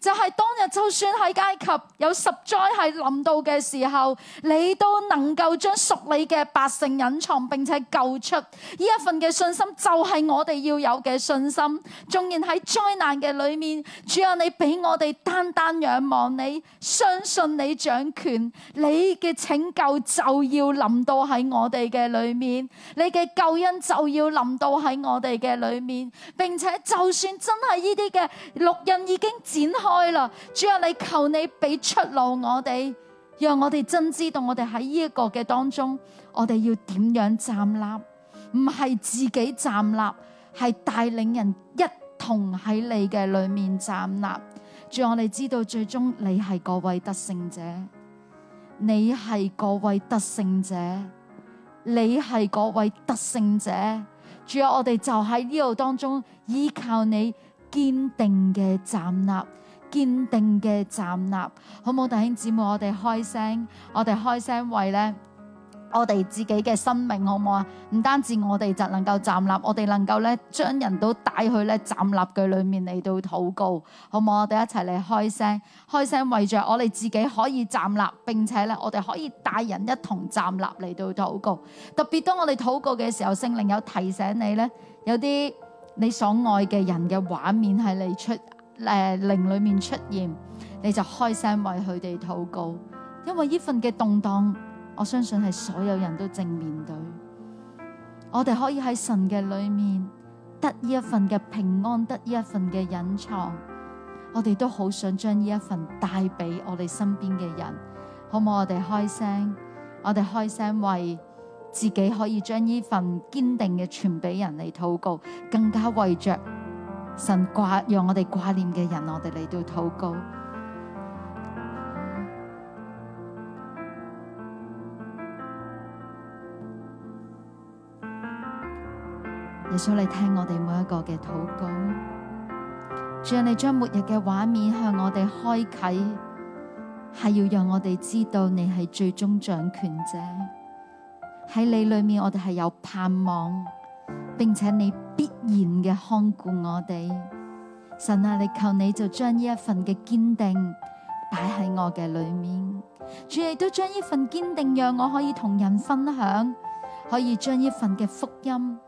S4: 就係當日，就算喺埃及有十災係臨到嘅時候，你都能夠將屬你嘅百姓隱藏並且救出。呢一份嘅信心就係我哋要有嘅信心。縱然喺災難嘅裏面，主啊，你俾我哋單單仰望你，相信你掌權，你嘅拯救就要臨到喺我哋嘅裏面，你嘅救恩就要臨到喺我哋嘅裏面。並且就算真係呢啲嘅六印已經展開。開啦！主要你求你俾出路我哋，讓我哋真知道我哋喺呢一個嘅當中，我哋要點樣站立？唔係自己站立，係帶領人一同喺你嘅裏面站立。主，我哋知道最終你係嗰位得勝者，你係嗰位得勝者，你係嗰位得勝者。主要我哋就喺呢度當中依靠你，堅定嘅站立。堅定嘅站立，好冇？弟兄姊妹，我哋開聲，我哋開聲為咧，我哋自己嘅生命，好冇啊！唔單止我哋就能夠站立，我哋能夠咧將人都帶去咧站立嘅裏面嚟到禱告，好冇？我哋一齊嚟開聲，開聲為着我哋自己可以站立，並且咧我哋可以帶人一同站立嚟到禱告。特別當我哋禱告嘅時候，聖靈有提醒你咧，有啲你所愛嘅人嘅畫面係你出誒，靈、呃、裏面出現，你就開聲為佢哋禱告，因為呢份嘅動蕩，我相信係所有人都正面對。我哋可以喺神嘅裏面得呢一份嘅平安，得呢一份嘅隱藏，我哋都好想將呢一份帶俾我哋身邊嘅人，好唔好？我哋開聲，我哋開聲為自己可以將呢份堅定嘅傳俾人嚟禱告，更加為着。神掛，讓我哋掛念嘅人，我哋嚟到禱告。耶穌你聽我哋每一個嘅禱告，主啊，你將末日嘅畫面向我哋開啟，係要讓我哋知道你係最終掌權者。喺你裏面，我哋係有盼望。並且你必然嘅看顧我哋，神啊，你求你就將呢一份嘅堅定擺喺我嘅裏面，主亦都將呢份堅定讓我可以同人分享，可以將呢份嘅福音，呢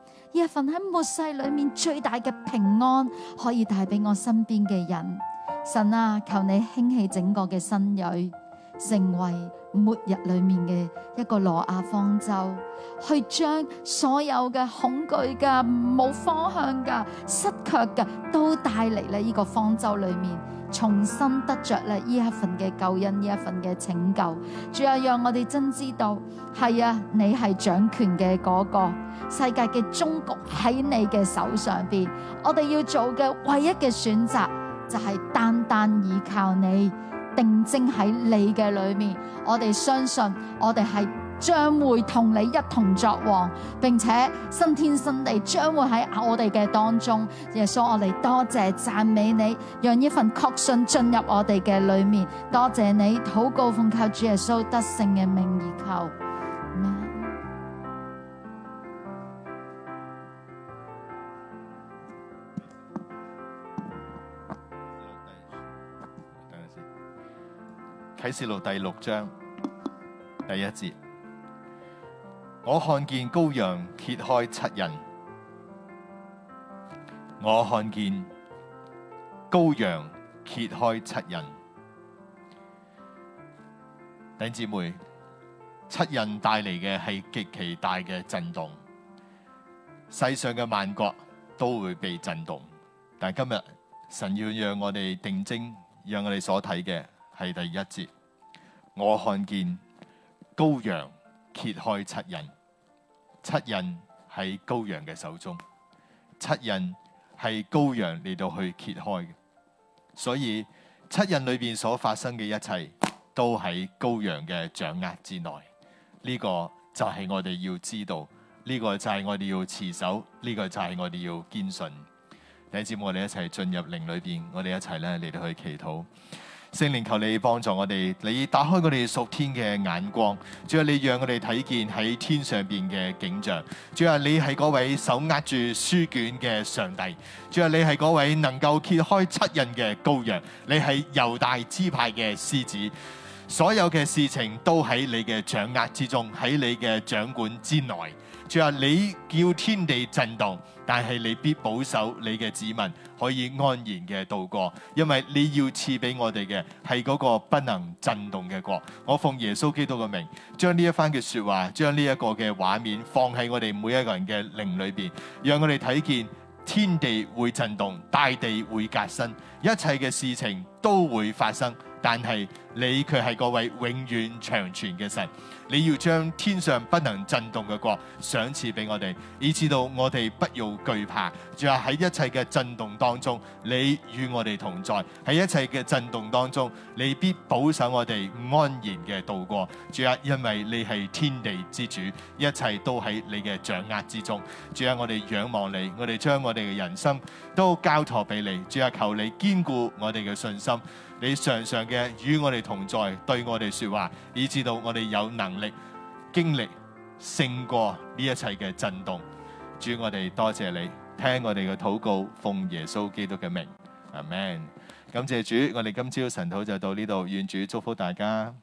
S4: 一份喺末世裏面最大嘅平安，可以帶俾我身邊嘅人。神啊，求你興起整個嘅身蕊，成為，末日裏面嘅一個挪亞方舟，去將所有嘅恐懼、噶冇方向、噶失卻嘅都帶嚟咧呢個方舟裏面，重新得著咧呢一份嘅救恩、呢一份嘅拯救。主啊，讓我哋真知道，係啊，你係掌權嘅嗰個世界嘅終局喺你嘅手上邊。我哋要做嘅唯一嘅選擇就係單單倚靠你。定睛喺你嘅裏面，我哋相信我哋係將會同你一同作王，並且新天新地將會喺我哋嘅當中。耶穌，我哋多謝，謝讚美你，讓一份確信進入我哋嘅裏面。多謝，謝你，禱告奉靠主耶穌得勝嘅名而求。.
S1: 啟示錄第六章第一節：我看見羔羊揭開七印，我看見羔羊揭開七印。弟兄姊妹，七印帶嚟嘅係極其大嘅震動，世上嘅萬國都會被震動。但今日神要讓我哋定睛，讓我哋所睇嘅。係第一節，我看見羔羊揭開七印，七印喺羔羊嘅手中，七印係羔羊嚟到去揭開嘅。所以七印裏邊所發生嘅一切，都喺羔羊嘅掌握之內。呢個就係我哋要知道，呢個就係我哋要持守，呢個就係我哋要堅信。喺節目我哋一齊進入靈裏邊，我哋一齊咧嚟到去祈禱。聖靈，求你幫助我哋，你打開我哋屬天嘅眼光，主要你讓我哋睇見喺天上邊嘅景象。主要你係嗰位手握住書卷嘅上帝，主要你係嗰位能夠揭開七印嘅羔羊，你係猶大支派嘅獅子，所有嘅事情都喺你嘅掌握之中，喺你嘅掌管之內，就話你叫天地震動，但係你必保守你嘅子民可以安然嘅渡過，因為你要賜俾我哋嘅係嗰個不能震動嘅國。我奉耶穌基督嘅名，將呢一番嘅說話，將呢一個嘅畫面放喺我哋每一個人嘅靈裏邊，讓我哋睇見天地會震動，大地會革新，一切嘅事情都會發生。但係你卻係嗰位永遠長存嘅神，你要將天上不能震動嘅國賞賜俾我哋，以至到我哋不用懼怕。主啊，喺一切嘅震動當中，你與我哋同在；喺一切嘅震動當中，你必保守我哋安然嘅度過。主啊，因為你係天地之主，一切都喺你嘅掌握之中。主啊，我哋仰望你，我哋將我哋嘅人生都交託俾你。主啊，求你堅固我哋嘅信心。你常常嘅與我哋同在，對我哋説話，以至到我哋有能力經歷勝過呢一切嘅震動。主，我哋多謝你，聽我哋嘅禱告，奉耶穌基督嘅名，阿們。感謝主，我哋今朝晨早就到呢度，願主祝福大家。